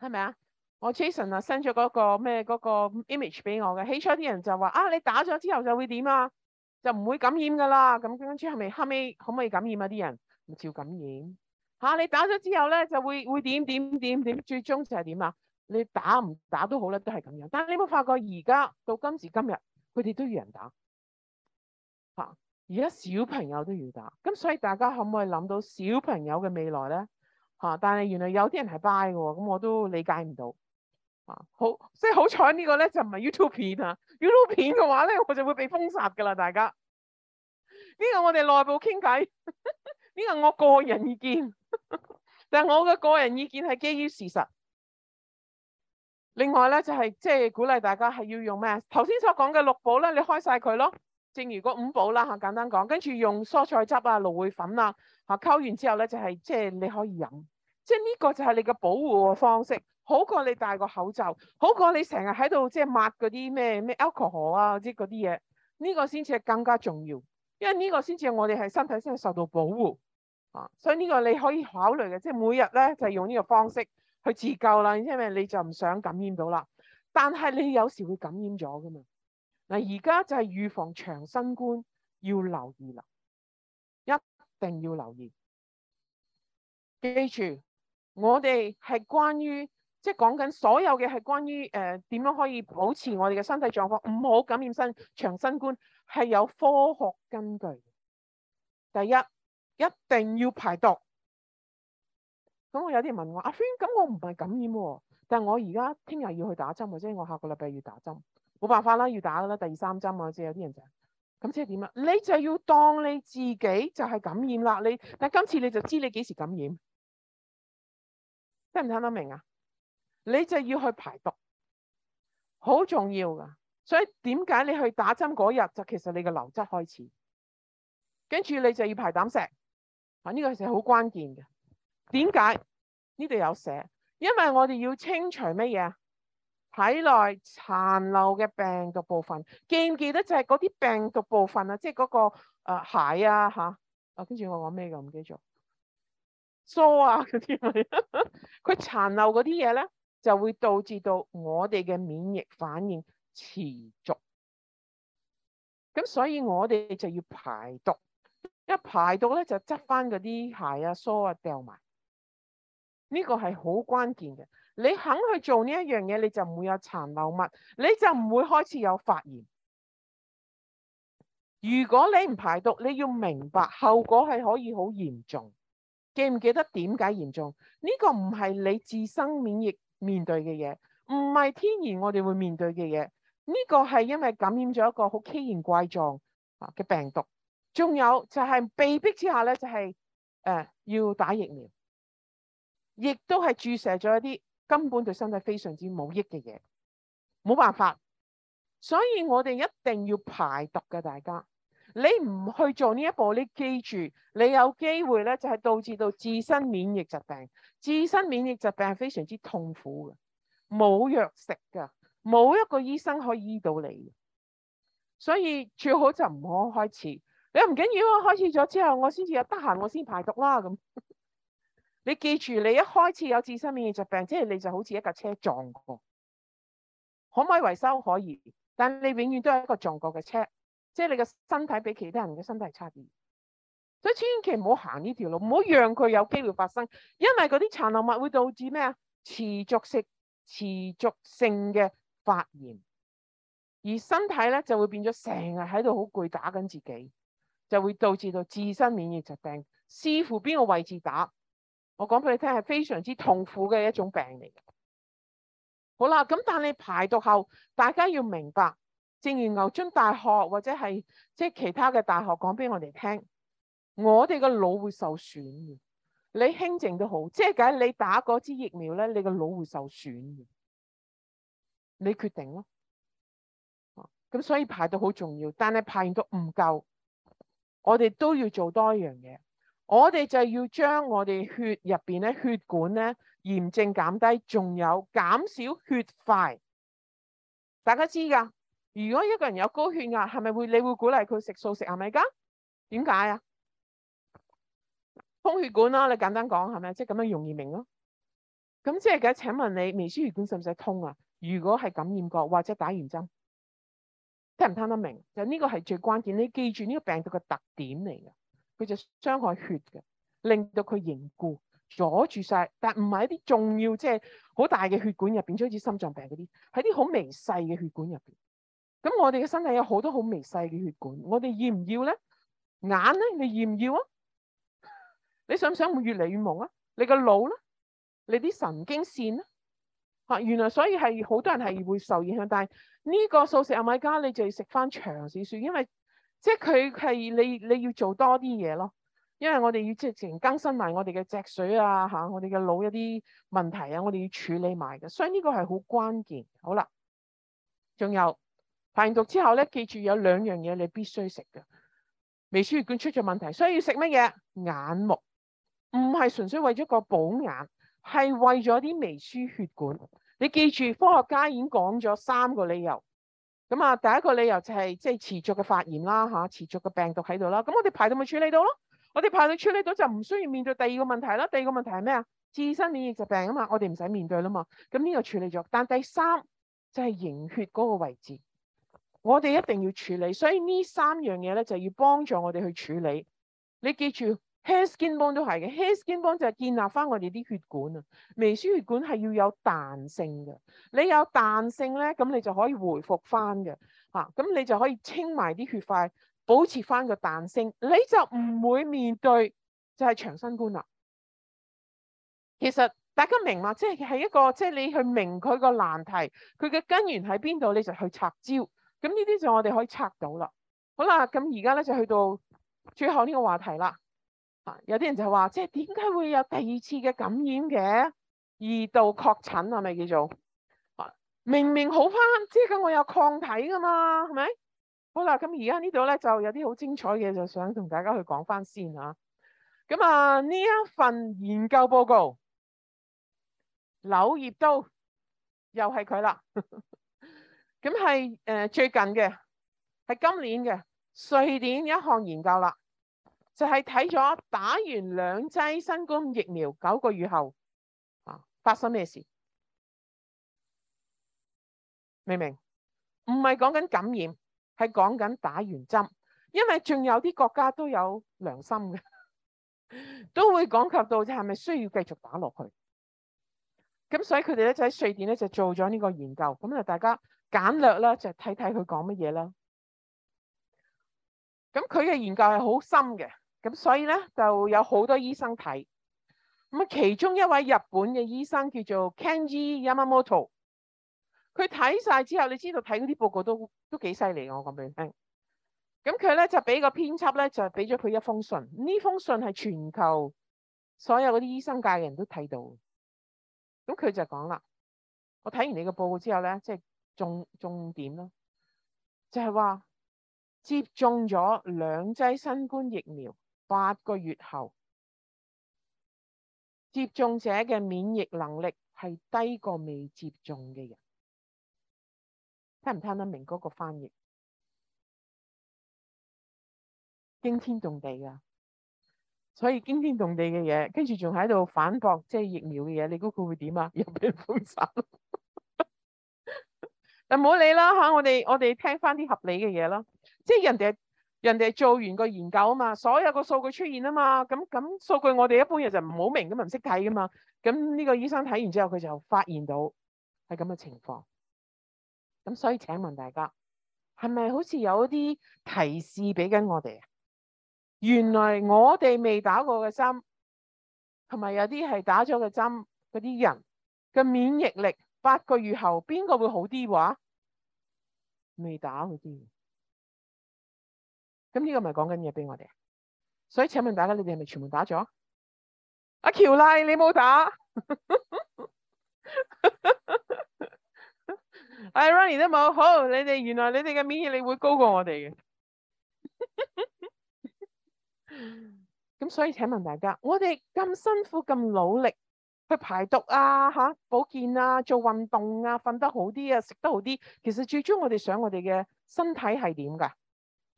係咪啊？我 Jason 啊 send 咗嗰個咩嗰、嗰個、image 俾我嘅，起初啲人就話啊，你打咗之後就會點啊，就唔會感染㗎啦。咁跟住係咪？後尾可唔可以感染啊啲人？照感染嚇、啊，你打咗之後咧就會會點點點點，最終就係點啊？你打唔打都好啦，都係咁樣。但係你有冇發覺而家到今時今日，佢哋都要人打嚇，啊、而家小朋友都要打，咁所以大家可唔可以諗到小朋友嘅未來咧嚇、啊？但係原來有啲人係 buy 嘅喎，咁我都理解唔到啊。好，即係好彩呢個咧就唔係 YouTube 片啊，YouTube 片嘅話咧我就會被封殺嘅啦，大家呢、呢個我哋內部傾偈。 呢個我個人意見，但係我嘅個人意見係基於事實。另外咧就係即係鼓勵大家係要用咩？頭先所講嘅六寶咧，你開晒佢咯。正如個五寶啦吓，簡單講，跟住用蔬菜汁啊、蘆薈粉啊吓，溝完之後咧就係即係你可以飲。即係呢個就係你嘅保護方式，好過你戴個口罩，好過你成日喺度即係抹嗰啲咩咩 alcohol 啊嗰啲嗰啲嘢。呢個先至係更加重要，因為呢個先至我哋係身體先係受到保護。啊，所以呢個你可以考慮嘅，即係每日咧就係用呢個方式去自救啦，因為你就唔想感染到啦。但係你有時會感染咗噶嘛。嗱、啊，而家就係預防長新冠要留意啦，一定要留意。記住，我哋係關於即係講緊所有嘅，係關於誒點樣可以保持我哋嘅身體狀況唔好感染新長新冠，係有科學根據嘅。第一。一定要排毒。咁我有啲人問我阿 friend，咁我唔係感染喎，但係我而家聽日要去打針或者、就是、我下個禮拜要打針，冇辦法啦，要打啦，第三針啊，即係有啲人就咁，即係點啊？你就要當你自己就係感染啦，你但今次你就知你幾時感染，聽唔聽得明啊？你就要去排毒，好重要噶。所以點解你去打針嗰日就其實你個流質開始，跟住你就要排膽石。啊！呢、呢個係好關鍵嘅，點解呢度有寫？因為我哋要清除乜嘢啊？體內殘留嘅病毒部分，記唔記得就係嗰啲病毒部分係、嗰個呃、啊？即係嗰個誒蟹啊嚇，跟啊跟住我講咩噶？唔記得咗，梳啊嗰啲咪，佢殘留嗰啲嘢咧，就會導致到我哋嘅免疫反應持續。咁所以我哋就要排毒。一排毒咧，就執翻嗰啲鞋啊、梳啊掉埋，呢個係好關鍵嘅。你肯去做呢一樣嘢，你就唔會有殘留物，你就唔會開始有發炎。如果你唔排毒，你要明白後果係可以好嚴重。記唔記得點解嚴重？呢個唔係你自身免疫面對嘅嘢，唔係天然我哋會面對嘅嘢。呢個係因為感染咗一個好畸形怪狀啊嘅病毒。仲有就係被逼之下咧，就係、是、誒、呃、要打疫苗，亦都係注射咗一啲根本對身體非常之冇益嘅嘢，冇辦法。所以我哋一定要排毒嘅，大家，你唔去做呢一步，你記住，你有機會咧就係、是、導致到自身免疫疾病，自身免疫疾病係非常之痛苦嘅，冇藥食噶，冇一個醫生可以醫到你。所以最好就唔好開始。你唔緊要啊！我開始咗之後，我先至有得閒，我先排毒啦咁。你記住，你一開始有自身免疫疾病，即係你就好似一架車撞過，可唔可以維修？可以，但你永遠都係一個撞過嘅車，即係你嘅身體比其他人嘅身體差啲，所以千祈唔好行呢條路，唔好讓佢有機會發生，因為嗰啲殘留物會導致咩啊？持續性、持續性嘅發炎，而身體咧就會變咗成日喺度好攰，打緊自己。就會導致到自身免疫疾病，視乎邊個位置打，我講俾你聽，係非常之痛苦嘅一種病嚟嘅。好啦，咁但係你排毒後，大家要明白，正如牛津大學或者係即係其他嘅大學講俾我哋聽，我哋個腦會受損嘅。你輕症都好，即係咁，你打嗰支疫苗咧，你個腦會受損嘅。你決定咯，哦，咁所以排毒好重要，但係排完都唔夠。我哋都要做多一樣嘢，我哋就要將我哋血入邊咧血管咧炎症減低，仲有減少血塊。大家知噶，如果一個人有高血壓，係咪會你會鼓勵佢食素食係咪噶？點解啊？通血管啦、啊，你簡單講係咪？即係咁樣容易明咯、啊。咁即係而家，請問你微絲血管使唔使通啊？如果係感染過或者打完針？聽唔聽得明？就呢個係最關鍵。你記住呢個病毒嘅特點嚟嘅，佢就傷害血嘅，令到佢凝固，阻住晒。但唔係一啲重要，即係好大嘅血管入邊，即好似心臟病嗰啲，喺啲好微細嘅血管入邊。咁我哋嘅身體有好多好微細嘅血管，我哋要唔要咧？眼咧，你要唔要啊？你想唔想會越嚟越矇啊？你個腦咧，你啲神經線咧，吓，原來所以係好多人係會受影響，但係。呢、這個素食阿米加，oh、God，你就要食翻長少少，因為即係佢係你你要做多啲嘢咯，因為我哋要即時更新埋我哋嘅脊髓啊，嚇我哋嘅腦一啲問題啊，我哋要處理埋嘅，所以呢個係好關鍵。好啦，仲有排毒之後咧，記住有兩樣嘢你必須食嘅，微輸血管出咗問題，所以要食乜嘢？眼目唔係純粹為咗個保眼，係為咗啲微輸血管。你記住，科學家已經講咗三個理由。咁啊，第一個理由就係即係持續嘅發炎啦，嚇，持續嘅病毒喺度啦。咁我哋排到咪處理到咯？我哋排到處理到就唔需要面對第二個問題啦。第二個問題係咩啊？自身免疫疾病啊嘛，我哋唔使面對啦嘛。咁呢個處理咗。但第三就係凝血嗰個位置，我哋一定要處理。所以呢三樣嘢咧，就要幫助我哋去處理。你記住。hair skin 幫都係嘅，hair skin 幫就係建立翻我哋啲血管啊，微絲血管係要有彈性嘅，你有彈性咧，咁你就可以回復翻嘅，吓，咁你就可以清埋啲血塊，保持翻個彈性，你就唔會面對就係長新冠啦。其實大家明白，即係係一個即係、就是、你去明佢個難題，佢嘅根源喺邊度，你就去拆招。咁呢啲就我哋可以拆到啦。好啦，咁而家咧就去到最後呢個話題啦。啊、有啲人就話，即係點解會有第二次嘅感染嘅？二度確診係咪叫做、啊？明明好翻，即係咁，我有抗體噶嘛，係咪？好啦，咁而家呢度咧就有啲好精彩嘅，就想同大家去講翻先啊。咁啊，呢一份研究報告，柳葉刀又係佢啦。咁係誒，最近嘅，係今年嘅瑞典一項研究啦。就係睇咗打完兩劑新冠疫苗九個月後，啊，發生咩事？明唔明？唔係講緊感染，係講緊打完針，因為仲有啲國家都有良心嘅，都會講及到就係咪需要繼續打落去。咁所以佢哋咧就喺瑞典咧就做咗呢個研究。咁就大家簡略啦，就睇睇佢講乜嘢啦。咁佢嘅研究係好深嘅。咁所以咧就有好多醫生睇，咁啊其中一位日本嘅醫生叫做 Kenji Yamamoto，佢睇晒之後，你知道睇嗰啲報告都都幾犀利，我講俾你聽。咁佢咧就俾個編輯咧就俾咗佢一封信，呢封信係全球所有嗰啲醫生界嘅人都睇到。咁佢就講啦，我睇完你嘅報告之後咧，即係重重點咯，就係話接種咗兩劑新冠疫苗。八個月後，接種者嘅免疫能力係低過未接種嘅人，聽唔聽得明嗰個翻譯？驚天動地噶、啊，所以驚天動地嘅嘢，跟住仲喺度反駁即係疫苗嘅嘢，你估佢會點啊？又俾人封殺， 但唔好理啦吓，我哋我哋聽翻啲合理嘅嘢囉，即係人哋。人哋做完個研究啊嘛，所有個數據出現啊嘛，咁咁數據我哋一般嘢就唔好明咁，唔識睇噶嘛。咁呢個醫生睇完之後，佢就發現到係咁嘅情況。咁所以請問大家，係咪好似有一啲提示俾緊我哋啊？原來我哋未打過嘅針，同埋有啲係打咗嘅針嗰啲人嘅免疫力八個月後，邊個會好啲話？未打好啲。咁、這、呢個咪講緊嘢俾我哋，所以請問大家，你哋係咪全部打咗？阿喬麗你冇打，阿 Ronny 都冇。好，你哋原來你哋嘅免疫力會高過我哋嘅。咁 所以請問大家，我哋咁辛苦、咁努力去排毒啊、吓保健啊、做運動啊、瞓得好啲啊、食得好啲，其實最終我哋想我哋嘅身體係點㗎？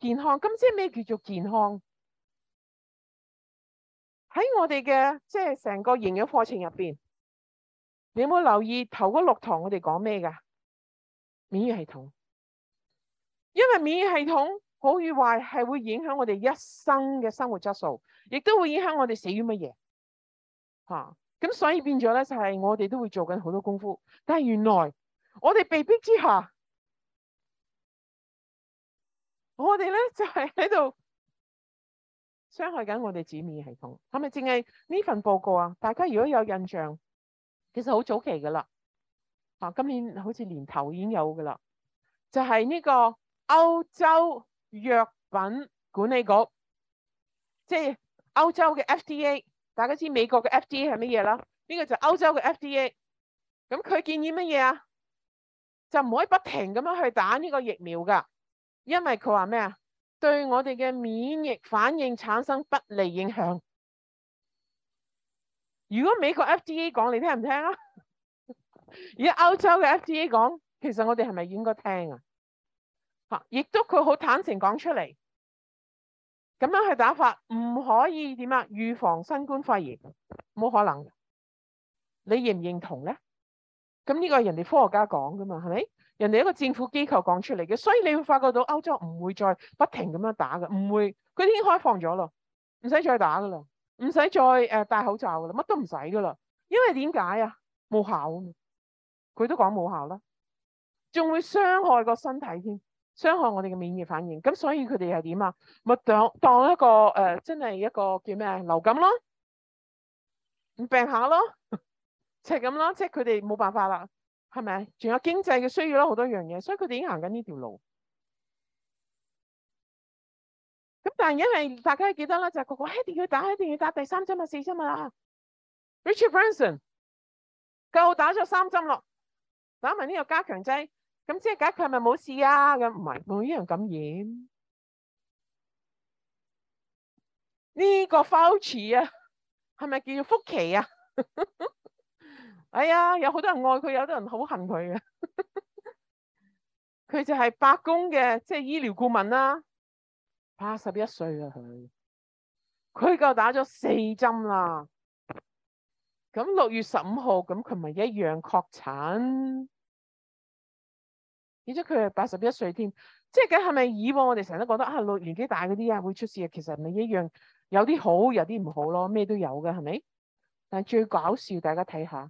健康，咁即係咩叫做健康？喺我哋嘅即係成個營養課程入邊，你有冇留意頭嗰六堂我哋講咩噶？免疫系統，因為免疫系統好與壞係會影響我哋一生嘅生活質素，亦都會影響我哋死於乜嘢？吓、啊，咁所以變咗咧就係我哋都會做緊好多功夫，但係原來我哋被迫之下。我哋咧就係喺度傷害緊我哋紙面系統，係咪？淨係呢份報告啊？大家如果有印象，其實好早期噶啦。啊，今年好似年頭已經有噶啦，就係、是、呢個歐洲藥品管理局，即係歐洲嘅 FDA。大家知美國嘅 FDA 係乜嘢啦？呢、這個就係歐洲嘅 FDA。咁佢建議乜嘢啊？就唔可以不停咁樣去打呢個疫苗噶。因為佢話咩啊？對我哋嘅免疫反應產生不利影響。如果美國 FDA 講，你聽唔聽啊？而家歐洲嘅 FDA 講，其實我哋係咪應該聽啊？亦都佢好坦誠講出嚟，咁樣去打法唔可以點啊？預防新冠肺炎冇可能，你認唔認同咧？咁、這、呢個是人哋科學家講噶嘛，係咪？人哋一個政府機構講出嚟嘅，所以你會發覺到歐洲唔會再不停咁樣打嘅，唔會，佢已經開放咗咯，唔使再打噶啦，唔使再誒戴口罩噶啦，乜都唔使噶啦。因為點解啊？冇效啊，佢都講冇效啦，仲會傷害個身體添，傷害我哋嘅免疫反應。咁所以佢哋係點啊？咪當當一個誒、呃，真係一個叫咩流感咯，唔病下咯，就係咁啦。即係佢哋冇辦法啦。係咪？仲有經濟嘅需要啦、啊，好多樣嘢，所以佢哋已經行緊呢條路。咁但係因為大家記得啦，就係、個個、哎、一定要打，一定要打第三針嘛、啊，四針嘛、啊。Richard Branson 夠打咗三針咯、啊，打埋呢個加強劑，咁即係解佢係咪冇事啊？咁唔係，每樣感染。呢、呢個 Fauci 啊，係咪叫做福奇啊？ 哎呀，有好多人愛佢，有啲人好恨佢嘅。佢 就係白宮嘅，即係醫療顧問啦、啊，八十一歲啦佢，佢夠打咗四針啦。咁六月十五號，咁佢咪一樣確診？而且佢係八十一歲添，即係梗係咪以往我哋成日都覺得啊，六年紀大嗰啲啊會出事啊，其實咪一樣，有啲好，有啲唔好咯，咩都有嘅係咪？但係最搞笑，大家睇下。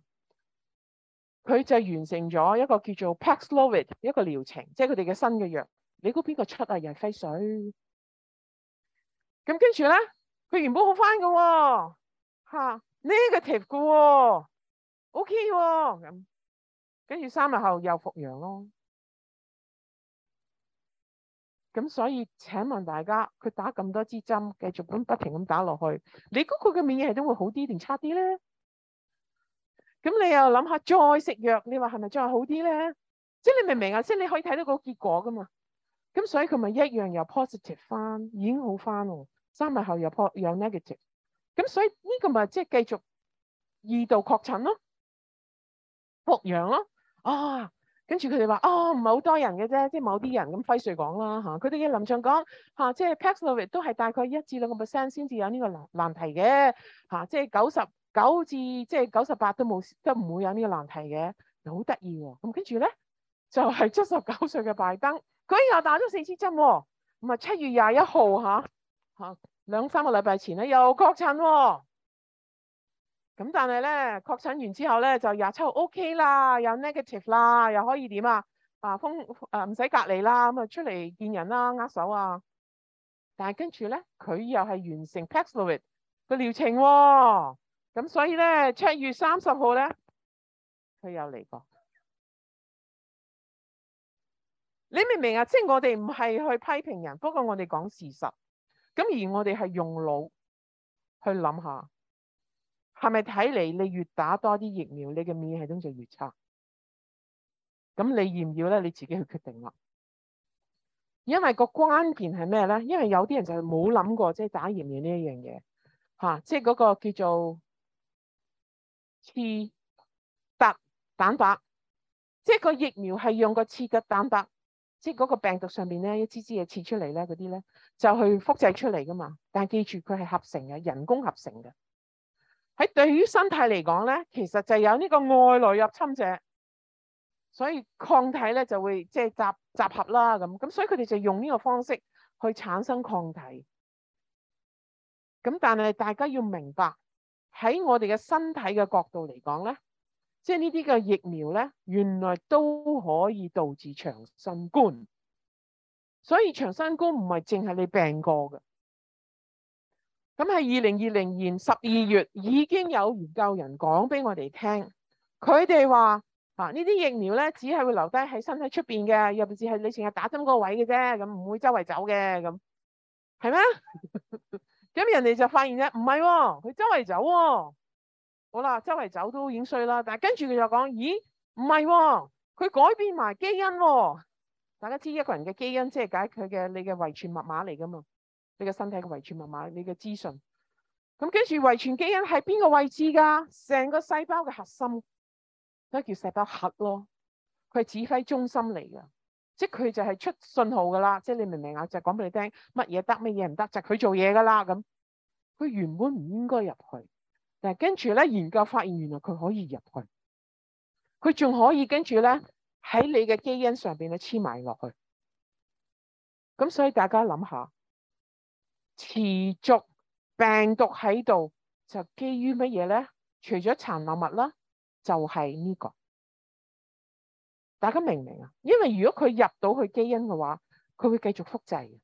佢就完成咗一個叫做 Paxlovid 一個療程，即係佢哋嘅新嘅藥。你估邊個出啊？又係輝瑞。咁跟住咧，佢原本好翻噶、哦，吓 negative 噶，OK 咁、哦。跟住三日後又復陽咯。咁所以請問大家，佢打咁多支針，繼續咁不停咁打落去，你估佢嘅免疫系統都會好啲定差啲咧？咁你又諗下再食藥，你話係咪再好啲咧？即係你明唔明啊？即係你可以睇到個結果噶嘛。咁所以佢咪一樣又 positive 翻，已經好翻喎。三日後又 p negative。咁所以呢個咪即係繼續二度確診咯，復陽咯。啊，跟住佢哋話啊，唔係好多人嘅啫，即係某啲人，咁輝瑞講啦嚇。佢哋嘅臨床講吓，即係 Paxlovid 都係大概一至兩個 percent 先至有呢個難難題嘅吓，即係九十。九至即係九十八都冇，都唔會有呢個難題嘅，好得意喎。咁跟住咧就係七十九歲嘅拜登，佢又打咗四支針，唔係七月廿一號吓吓兩三個禮拜前咧又確診喎，咁但係咧確診完之後咧就廿七號 O K 啦，有 negative 啦，又可以點啊？啊封啊唔使隔離啦，咁啊出嚟見人啦，握手啊。但係跟住咧佢又係完成 Paxlovid 個療程喎。咁所以咧七月三十號咧，佢又嚟過。你明唔明啊？即係我哋唔係去批評人，不過我哋講事實。咁而我哋係用腦去諗下，係咪睇嚟你越打多啲疫苗，你嘅免疫系統就越差？咁你要唔要咧？你自己去決定啦。因為個關鍵係咩咧？因為有啲人就係冇諗過即係打疫苗呢一樣嘢，吓，即係嗰個叫做。刺突蛋白，即係個疫苗係用個刺骨蛋白，即係嗰個病毒上邊咧一支支嘢刺出嚟咧，嗰啲咧就去複製出嚟噶嘛。但係記住佢係合成嘅，人工合成嘅。喺對於身體嚟講咧，其實就有呢個外來入侵者，所以抗體咧就會即係集集合啦咁。咁所以佢哋就用呢個方式去產生抗體。咁但係大家要明白。喺我哋嘅身體嘅角度嚟講咧，即係呢啲嘅疫苗咧，原來都可以導致長新冠，所以長新冠唔係淨係你病過嘅。咁喺二零二零年十二月已經有研究人講俾我哋聽，佢哋話啊，呢啲疫苗咧只係會留低喺身體出邊嘅，尤其是係你成日打針嗰個位嘅啫，咁唔會周圍走嘅咁，係咩？是嗎 咁人哋就發現咧唔係喎，佢周圍走喎，哦，好啦，周圍走都已經衰啦。但係跟住佢就講：咦，唔係喎，佢改變埋基因喎，哦。大家知一個人嘅基因即係解佢嘅你嘅遺傳密碼嚟噶嘛？你嘅身體嘅遺傳密碼，你嘅資訊。咁跟住遺傳基因喺邊個位置㗎？成個細胞嘅核心都叫細胞核咯，佢係指揮中心嚟㗎。即係佢就係出信號噶啦，即係你明唔明啊？就係講俾你聽乜嘢得，乜嘢唔得，就係佢做嘢噶啦咁。佢原本唔應該入去，但係跟住咧研究發現，原來佢可以入去，佢仲可以跟住咧喺你嘅基因上邊咧黐埋落去。咁所以大家諗下，持續病毒，喺度就基於乜嘢咧？除咗殘留物啦，就係呢個。大家明唔明啊？因為如果佢入到去基因嘅話，佢會繼續複製嘅。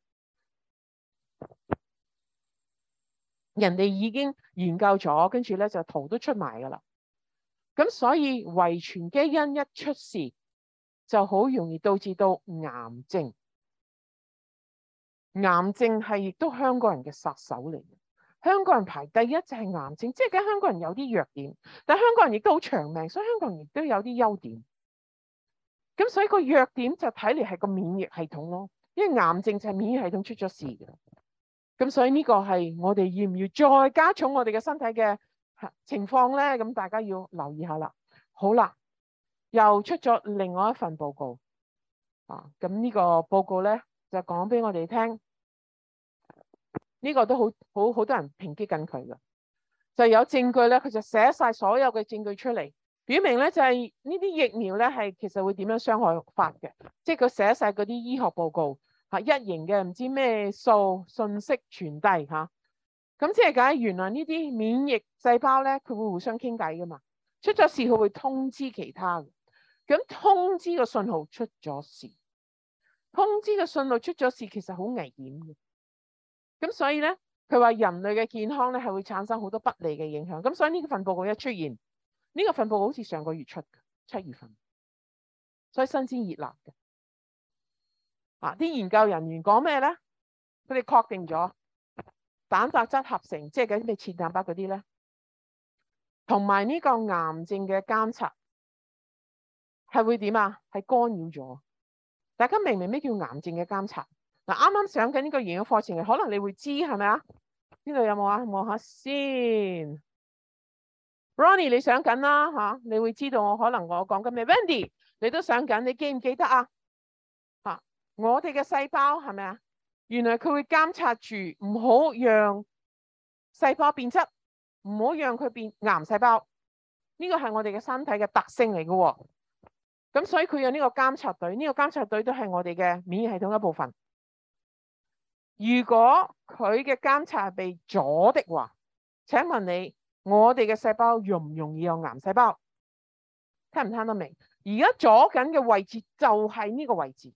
人哋已經研究咗，跟住咧就圖都出埋噶啦。咁所以遺傳基因一出事，就好容易導致到癌症。癌症係亦都香港人嘅殺手嚟嘅。香港人排第一就係癌症，即係而家香港人有啲弱點，但香港人亦都好長命，所以香港人亦都有啲優點。咁所以個弱點就睇嚟係個免疫系統咯，因為癌症就係免疫系統出咗事嘅。咁所以呢個係我哋要唔要再加重我哋嘅身體嘅情況咧？咁大家要留意一下啦。好啦，又出咗另外一份報告啊！咁呢個報告咧就講俾我哋聽，呢個都好好好多人抨擊緊佢嘅，就有證據咧，佢就寫晒所有嘅證據出嚟。表明咧就係呢啲疫苗咧係其實會點樣傷害法嘅，即係佢寫晒嗰啲醫學報告吓，一型嘅唔知咩數信息傳遞吓，咁即係解原來呢啲免疫細胞咧佢會互相傾偈噶嘛，出咗事佢會通知其他嘅，咁通知個信號出咗事，通知個信號出咗事其實好危險嘅，咁所以咧佢話人類嘅健康咧係會產生好多不利嘅影響，咁所以呢份報告一出現。呢、這個份報好似上個月出嘅，七月份，所以新鮮熱辣嘅。啊，啲研究人員講咩咧？佢哋確定咗蛋白質合成，即係嗰啲咩前蛋白嗰啲咧，同埋呢個癌症嘅監察係會點啊？係干擾咗。大家明唔明咩叫癌症嘅監察？嗱、啊，啱啱上緊呢個營養課程嘅，可能你會知係咪啊？呢度有冇啊？望下先。Ronny，你想緊啦嚇，你會知道我可能我講緊咩。Wendy，你都想緊，你記唔記得啊？嚇，我哋嘅細胞係咪啊？原來佢會監察住，唔好讓細胞變質，唔好讓佢變癌細胞。呢個係我哋嘅身體嘅特性嚟嘅喎。咁所以佢有呢個監察隊，呢個監察隊都係我哋嘅免疫系統一部分。如果佢嘅監察被阻的話，請問你？我哋嘅細胞容唔容易有癌細胞？聽唔聽得明？而家阻緊嘅位置就係呢個位置，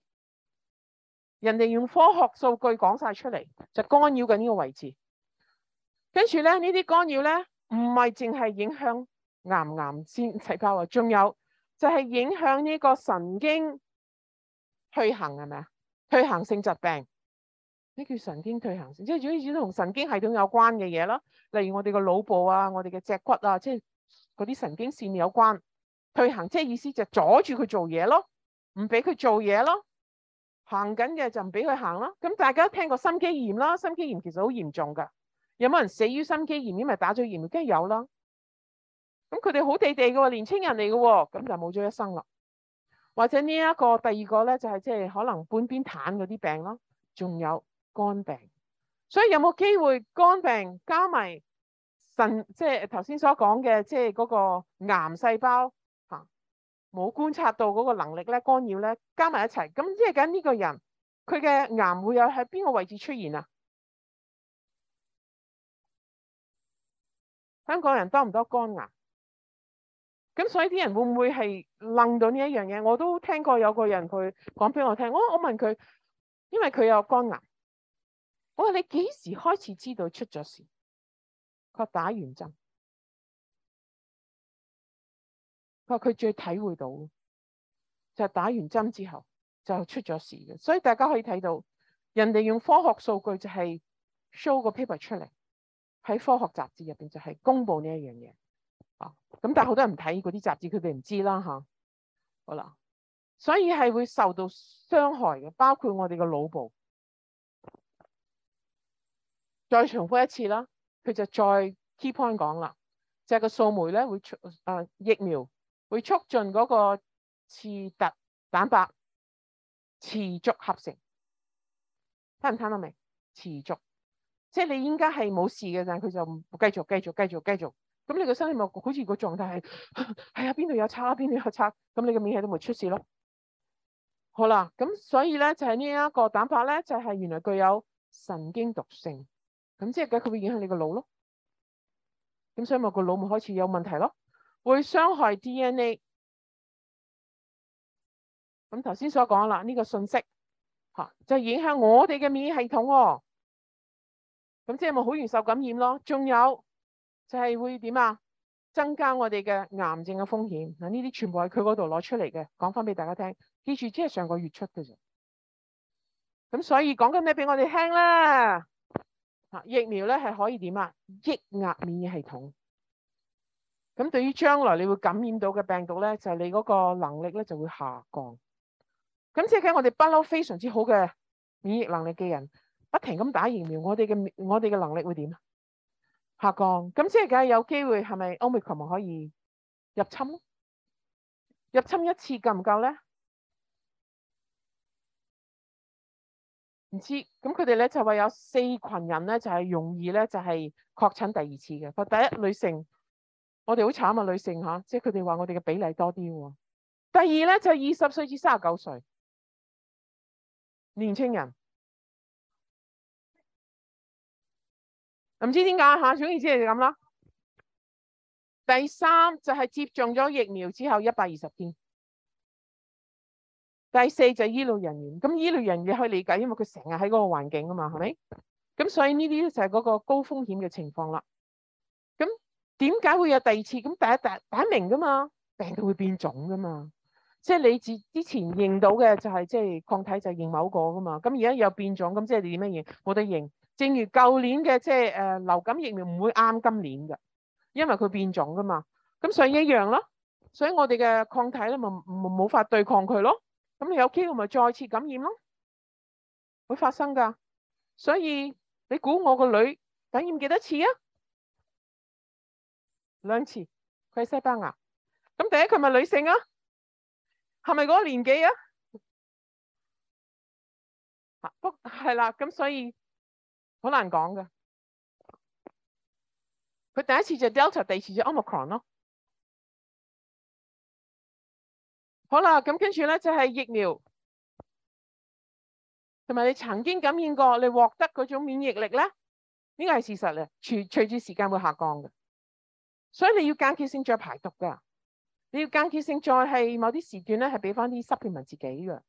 人哋用科學數據講晒出嚟，就干擾緊呢個位置。跟住咧，呢啲干擾咧，唔係淨係影響癌癌先細胞啊，仲有就係影響呢個神經退行係咪啊？退行性疾病。呢叫神經退行，即係總之同神經系統有關嘅嘢啦。例如我哋個腦部啊，我哋嘅脊骨啊，即係嗰啲神經線有關。退行即係意思就阻住佢做嘢咯，唔俾佢做嘢咯。行緊嘅就唔俾佢行啦。咁大家聽過心肌炎啦，心肌炎其實好嚴重噶。有冇人死於心肌炎？因為打咗疫苗，梗係有啦。咁佢哋好地地噶喎，年青人嚟噶，咁就冇咗一生啦。或者呢、這、一個第二個咧，就係即係可能半邊癱嗰啲病咯，仲有。肝病，所以有冇機會肝病加埋腎，即係頭先所講嘅，即係嗰個癌細胞啊，冇觀察到嗰個能力咧干擾咧，加埋一齊，咁即係緊呢個人佢嘅癌會有喺邊個位置出現啊？香港人多唔多肝癌？咁所以啲人會唔會係愣到呢一樣嘢？我都聽過有個人佢講俾我聽，我我問佢，因為佢有肝癌。我話你幾時開始知道出咗事？佢打完針，佢話佢最體會到就就係，打完針之後就出咗事嘅。所以大家可以睇到，人哋用科學數據就係 show 個 paper 出嚟，喺科學雜誌入邊就係公佈呢一樣嘢啊。咁但係好多人唔睇嗰啲雜誌，佢哋唔知啦吓、啊。好啦，所以係會受到傷害嘅，包括我哋個腦部。再重複一次啦，佢就再 key point 講啦，就係個數酶咧會促誒、呃、疫苗會促進嗰個刺突蛋白持續合成，聽唔聽得明？持續，即、就、係、是、你應該係冇事嘅，但係佢就繼續繼續繼續繼續，咁你個身體係咪好似個狀態係係、哎、啊？邊度有差、啊？邊度有差？咁你個免疫都冇出事咯。好啦，咁所以咧就係呢一個蛋白咧就係、是、原來具有神經毒性。咁即係，佢會影響你個腦咯。咁所以咪個腦咪開始有問題咯，會傷害 DNA。咁頭先所講啦，呢個信息，吓就影響我哋嘅免疫系統喎。咁即係咪好易受感染咯？仲有就係會點啊？增加我哋嘅癌症嘅風險嗱，呢啲全部係佢嗰度攞出嚟嘅，講翻俾大家聽。記住，即係上個月出嘅啫。咁所以講緊咩俾我哋聽啦？疫苗咧，係可以點啊？抑壓免疫系統。咁對於將來你會感染到嘅病毒咧，就是、你嗰個能力咧就會下降。咁即係喺我哋不嬲非常之好嘅免疫能力嘅人，不停咁打疫苗，我哋嘅我哋嘅能力會點啊？下降。咁即係講有機會係咪歐美 o 幕可以入侵？入侵一次夠唔夠咧？唔知。咁佢哋咧就話有四群人咧就係容易咧就係確診第二次嘅。第一，女性，我哋好慘啊女性嚇！即係佢哋話我哋嘅比例多啲喎。第二咧就係二十歲至三十九歲年青人，唔知點解嚇，總言之就係咁啦。第三就係接種咗疫苗之後一百二十天。第四就係醫療人員，咁醫療人員可以理解，因為佢成日喺嗰個環境啊嘛，係咪？咁所以呢啲就係嗰個高風險嘅情況啦。咁點解會有第二次？咁第一打擺明噶嘛，病毒會變種噶嘛，即係你自之前認到嘅就係即係抗體就認某個噶嘛。咁而家又變種，咁即係你點樣認？我哋認。正如舊年嘅即係誒流感疫苗唔會啱今年嘅，因為佢變種噶嘛。咁所以一樣咯。所以我哋嘅抗體咧，冇冇法對抗佢咯。咁你有機會咪再次感染咯？會發生㗎，所以你估我個女感染幾多次啊？兩次，佢喺西班牙，咁第一佢咪女性啊，係咪嗰個年紀啊？嚇，係啦，咁所以好難講㗎。佢第一次就 Delta，第二次就 Omicron 咯。好啦，咁跟住咧就係疫苗，同埋你曾經感染過，你獲得嗰種免疫力咧，呢個係事實嚟，隨隨住時間會下降嘅，所以你要間歇性再排毒噶，你要間歇性再係某啲時段咧，係俾翻啲濕氣咪自己噶，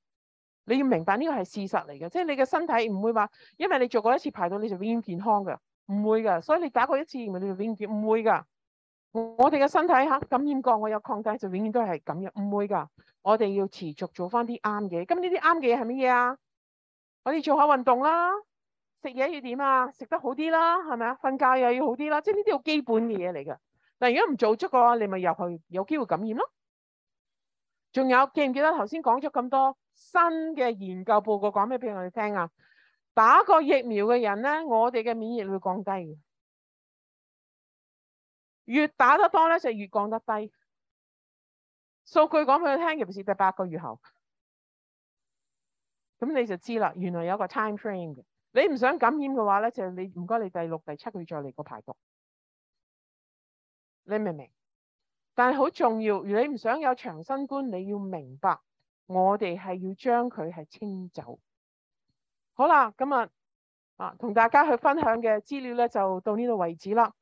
你要明白呢個係事實嚟嘅，即係你嘅身體唔會話，因為你做過一次排毒你就永遠健康嘅，唔會嘅，所以你打過一次疫苗你就永遠唔會㗎。我哋嘅身體嚇感染過，我有抗體就永遠都係咁樣，唔會㗎。我哋要持續做返啲啱嘅。咁呢啲啱嘅嘢係乜嘢啊？我哋做下運動啦，食嘢要點啊？食得好啲啦，係咪啊？瞓覺又要好啲啦，即係呢啲好基本嘅嘢嚟㗎。但係如果唔做足嘅話，你咪入去有機會感染咯。仲有記唔記得頭先講咗咁多新嘅研究報告講咩俾我哋聽啊？打過疫苗嘅人咧，我哋嘅免疫力會降低。越打得多咧，就越降得低。數據講俾佢聽，尤其是第八個月後，咁你就知啦。原來有個 time frame 嘅。你唔想感染嘅話咧，就係、你唔該，你第六、第七個月再嚟個排毒。你明唔明？但係好重要。如果你唔想有長新冠，你要明白，我哋係要將佢係清走。好啦，今日啊，同大家去分享嘅資料咧，就到呢度為止啦。